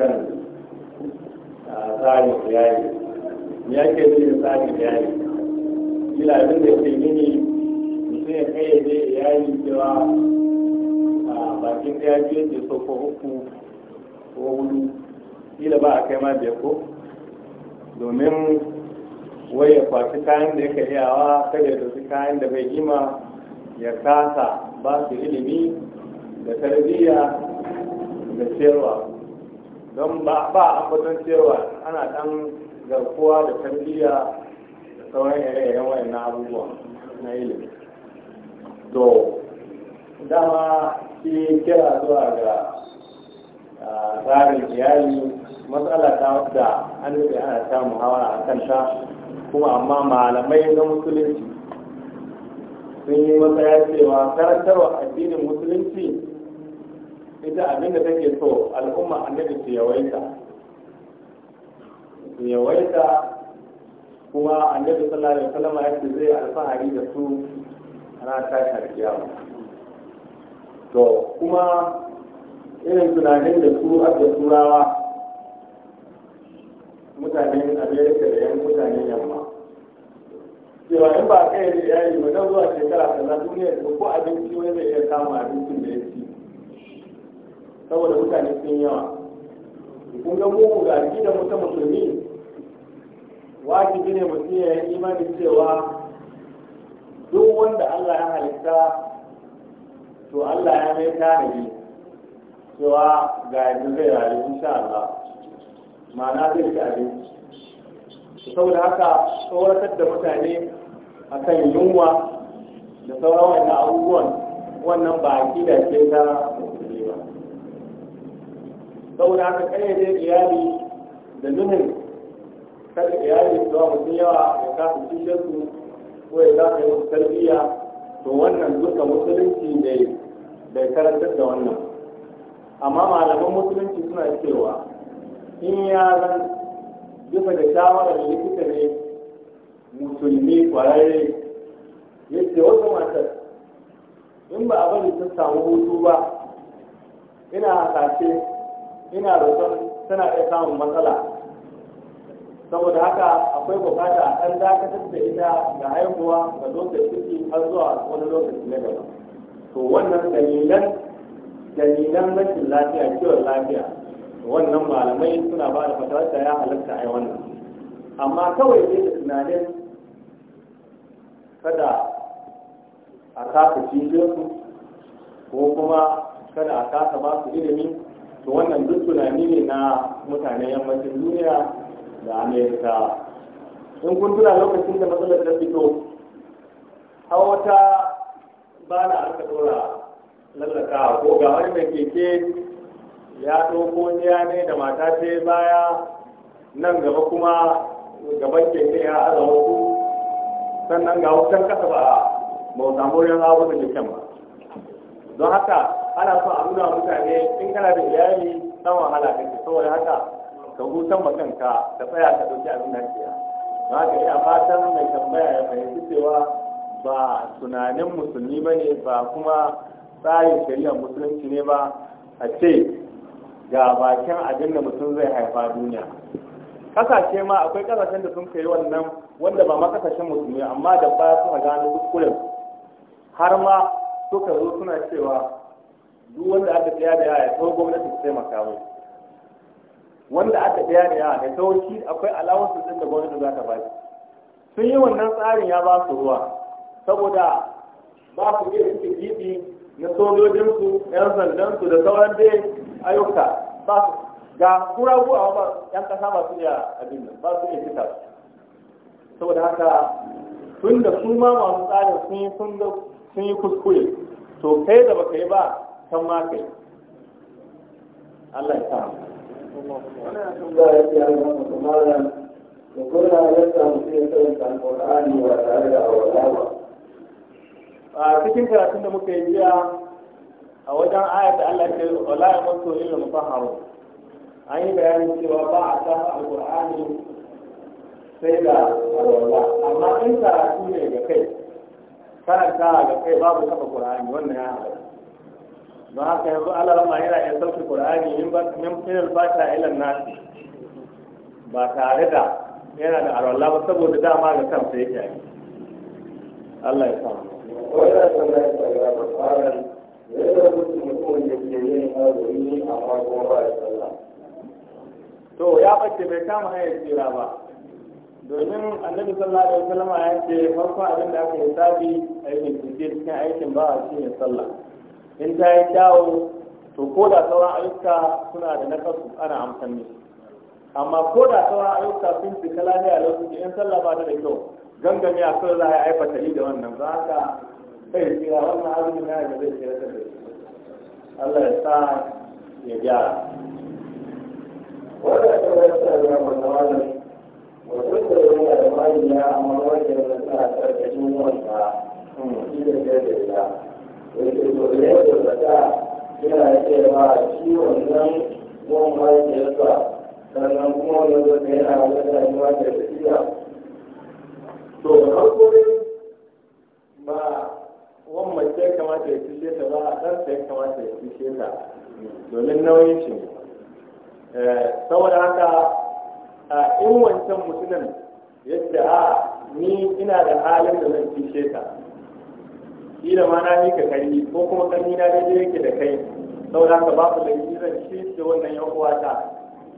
kan tsarin iyali ya ke da tsarin iyali ila abin da ke gini mutum ya kayyade iyali cewa a bakin ɗaya ce da so ko uku ko hudu ila ba a kai ma da ko domin wai ya kwaci kayan da ya kai iyawa kada ya su kayan da bai ima ya kasa ba su ilimi da tarbiyya da ciyarwa don ba a ambaton cewa ana ɗan garkuwa da tarbiyya da sauran ire-iren wayannan abubuwa na ilimi to dama shi kira zuwa ga tsarin iyali matsala ta wadda an rufe ana ta muhawara a kanta kuma amma malamai na musulunci sun yi matsaya cewa karantarwa addinin musulunci ita abin da take so al'umma annabi su yawaita su yawaita kuma annabi sallallahu alaihi wasallam ya ce zai alfahari da su ana tashi kiyama to kuma irin tunanin da su da turawa mutanen amerika da yan mutanen yamma cewa in ba kai da yayi ba zuwa shekara kaza duniyar ko abinci wani zai iya samun abincin da ya ci saboda mutane sun yawa kun ga mu ga da mutum musulmi wajibi ne mutum ya yi imanin cewa duk wanda Allah ya halitta to Allah ya mai tanadi cewa ga yanzu zai rayu insha Allah ma'ana zai ci abinci saboda haka tsoratar da mutane a kan yunwa da sauran wannan abubuwan wannan baki a ta saboda haka kayyade iyali da nunin kada iyali su wa mutum yawa ya kasa cikinsu ko ya za ka yi wasu tarbiyya to wannan duka musulunci ne bai karantar da wannan amma malaman musulunci suna cewa in ya zan bisa da shawarar likita ne musulmi kwararre ce wata matar in ba a bari ta samu hutu ba ina hasashe ina roƙon tana iya samun matsala saboda haka akwai bukata a ɗan dakatar da ita ga haihuwa ga lokacin ciki har zuwa wani lokaci na gaba to wannan dalilan dalilan rashin lafiya kiwon lafiya wannan malamai suna ba da fatawar ya halatta a wannan amma kawai ne da tunanin kada a kasa cijiyarsu ko kuma kada a kasa ba su ilimi to wannan duk tunani ne na mutane, yammacin duniya da amerika in kun tuna lokacin da matsalar ta fito har wata na aka dora lallaka ko ga wani mai keke ya ɗauko niya ne da mata ce baya nan gaba kuma gaban keke ya aza wasu sannan ga wutan kasa ba ba samu rin hawa da keken ba don haka ana so a nuna mutane in kana da iyali dan wahala ke saboda haka ka hutan ma kanka ka tsaya ka dauki abin da kake don haka ina fatan mai tambaya ya fahimci cewa ba tunanin musulmi ba ne ba kuma tsarin shari'ar musulunci ne ba a ce ga bakin abin da mutum zai haifa duniya kasashe ma akwai kasashen da sun kai wannan wanda ba makasashen musulmi amma da baya suka gano kuskuren har ma suka zo suna cewa duk wanda aka tsaya da yaya kawai gwamnati su taimaka mai wanda aka tsaya da yaya da kawai shi akwai alawansu sun da gwamnati za ta baki sun yi wannan tsarin ya ba su ruwa saboda ba su iya suke gidi na sojojinsu yan sandansu da sauran dai ayyuka ba su ga kura guwa wata yan kasa ba su iya abin nan ba su iya fita saboda haka tun da su ma masu tsarin sun yi kuskure to kai da baka yi ba can ma kai Allah ya sa da ya ce an gama kamalan da kuna yadda mutum ya karanta alƙur'ani ba tare da awala ba a cikin karatun da muka yi jiya a wajen ayat da Allah ke wala ya mutu illa mutahharu an yi bayanin cewa ba a sa alƙur'ani sai da awala amma in karatu ne ga kai karanta ga kai babu taɓa ƙur'ani wannan ya halatta don haka yanzu Allah ma yana ya sauki Qur'ani min ba min al-fata ila nasi ba tare da yana da arwalla ba saboda dama ga kansa yake yi Allah ya samu wannan sanan da ya fara ne da mutum da ke yin azumi amma kuma ba ya sallah to ya bace bai kama hanyar tsira ba domin annabi sallallahu alaihi wasallam ya ce farko abin da aka yi sabi aikin cikin aikin ba a cikin sallah in ta yi dawo to ko da sauran ayyuka suna da nakasu ana amfani amma ko da sauran ayyuka sun fi kalani a lokaci in sallah ba ta da kyau gangami a sallah ya aifata ni da wannan ba haka sai tsira wannan azumi na da zai tsira da Allah ya sa ya gyara wanda ta wata ya mana wannan wato da yana da mali ya amma wanda ya sa ta cikin wanda shi da ya da yake yana cewa shi wannan goma yasa sannan kuma wani yana to ba wani mace ya kamata ya ta ba kamata ya ta domin haka a in wancan mutumin yadda a ni ina da halin da zan fishe ta kila ma na mika kai ko kuma kanni na daidai yake da kai saboda ba ku laifi zan ci da wannan yan uwata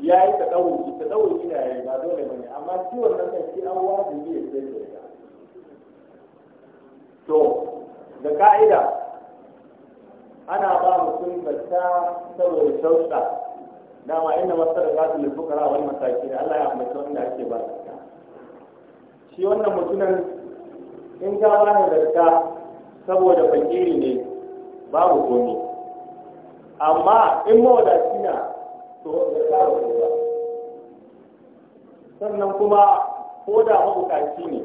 ya yi ta ɗauki ta ɗauki na yayi ba dole bane amma ciwon nan kan shi an wajibi da sai da ita to da ka'ida ana ba mutum batta saboda shausa dama inda masar da su lufu kara wani mataki da Allah ya ambaci wanda ake ba shi wannan mutumin in ka ba ni zarka saboda fakiri ne babu komi amma in mawadaci na to ya tsara ba sannan kuma ko da mabukaci ne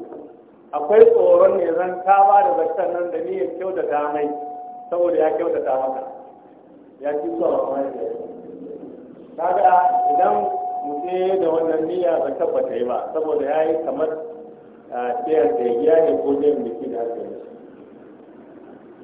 akwai tsoron ne zan ta ba da zartar nan da niyyar kyautata mai saboda ya kyautata maka ya ci so a mai kaga idan mutum da wannan niyya ba tabbata yi ba saboda ya yi kamar ah, tayar da ya ne ko jin biki da aka yi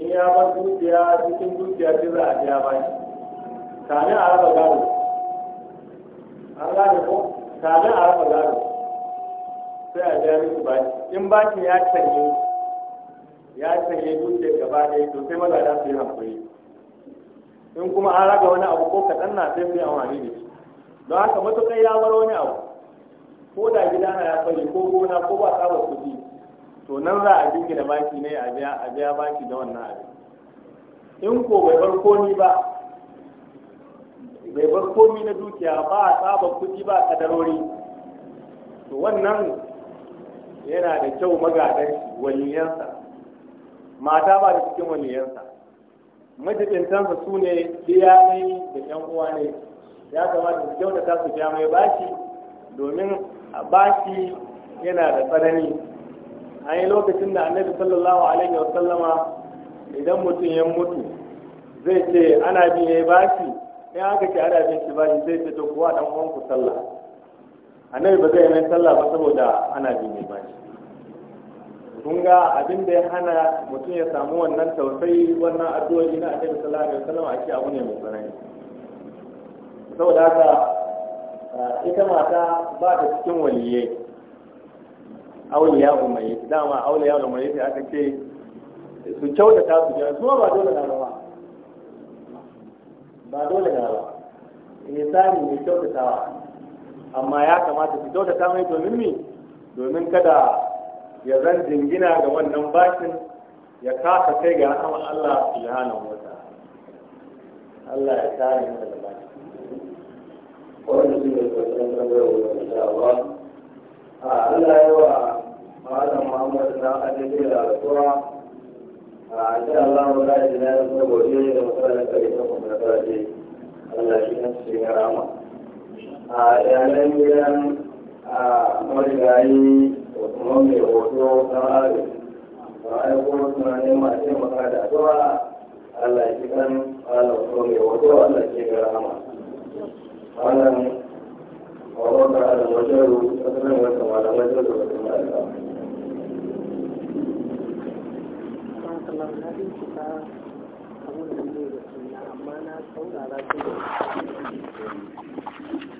in ya bar dukiya cikin dukiya ce za a biya ba shi kamin a raba gado an gane ko kamin a raba gado sai a biya miki baki in bakin ya canye ya canye dukiyar gaba ɗaya to sai maza su yi hankali in kuma an raga wani abu ko kaɗan na sai su yi amfani da shi don haka matuƙar ya bar wani abu ko da gida na ya fari ko gona ko ba tsabar kuɗi to nan za a da baki ne a biya a biya baki da wannan abin in ko bai bar komi ba bai bar komi na dukiya ba a tsaba kuɗi ba kadarori to wannan yana da kyau magadan waliyansa mata ba da cikin waliyansa majibintansa su ne iyalai da yan uwa ne ya kamata su kyautata su biya mai bashi domin a bashi yana da tsanani ai lokacin da annabi sallallahu alaihi wa sallama idan mutum ya mutu zai ce ana bi ne bashi in aka ce ana bi shi bashi zai ce to kuwa dan uwan ku sallah annabi ba zai mai sallah ba saboda ana bi ne bashi kun ga abin da ya hana mutum ya samu wannan tausayi wannan addu'o'i na annabi sallallahu alaihi wa sallama ake abu ne mai tsanani saboda haka ita mata ba ta cikin waliyai auliya umayyati dama auliya umayyati aka ce su kyautata su jira su ba dole na rawa ba dole na rawa misali eh, ne kyautatawa amma ya kamata su kyautata mai domin mi domin kada ya zan jingina ga wannan bashin ya kasa kai ga rahaman Allah subhanahu wa ta'ala Allah ya kare mu daga bashin wannan shi ne kwatantar da wannan ah, Allah ya wa malam muhammad na alibi da rasuwa a ji allah mu zai na yanzu gobe da matsalar karfe kuma na sace allah shi na cikin rama a yanan gidan a marigayi kuma mai hoto na arewa ba a yi kuma tunanin masu taimaka da addu'a allah shi kan allah kuma mai hoto allah shi ga rama wannan wa wata da wajen rubutu a sanar wata malamai da wajen malamai Allah na bincika abun da zai da suna amma na saurara su da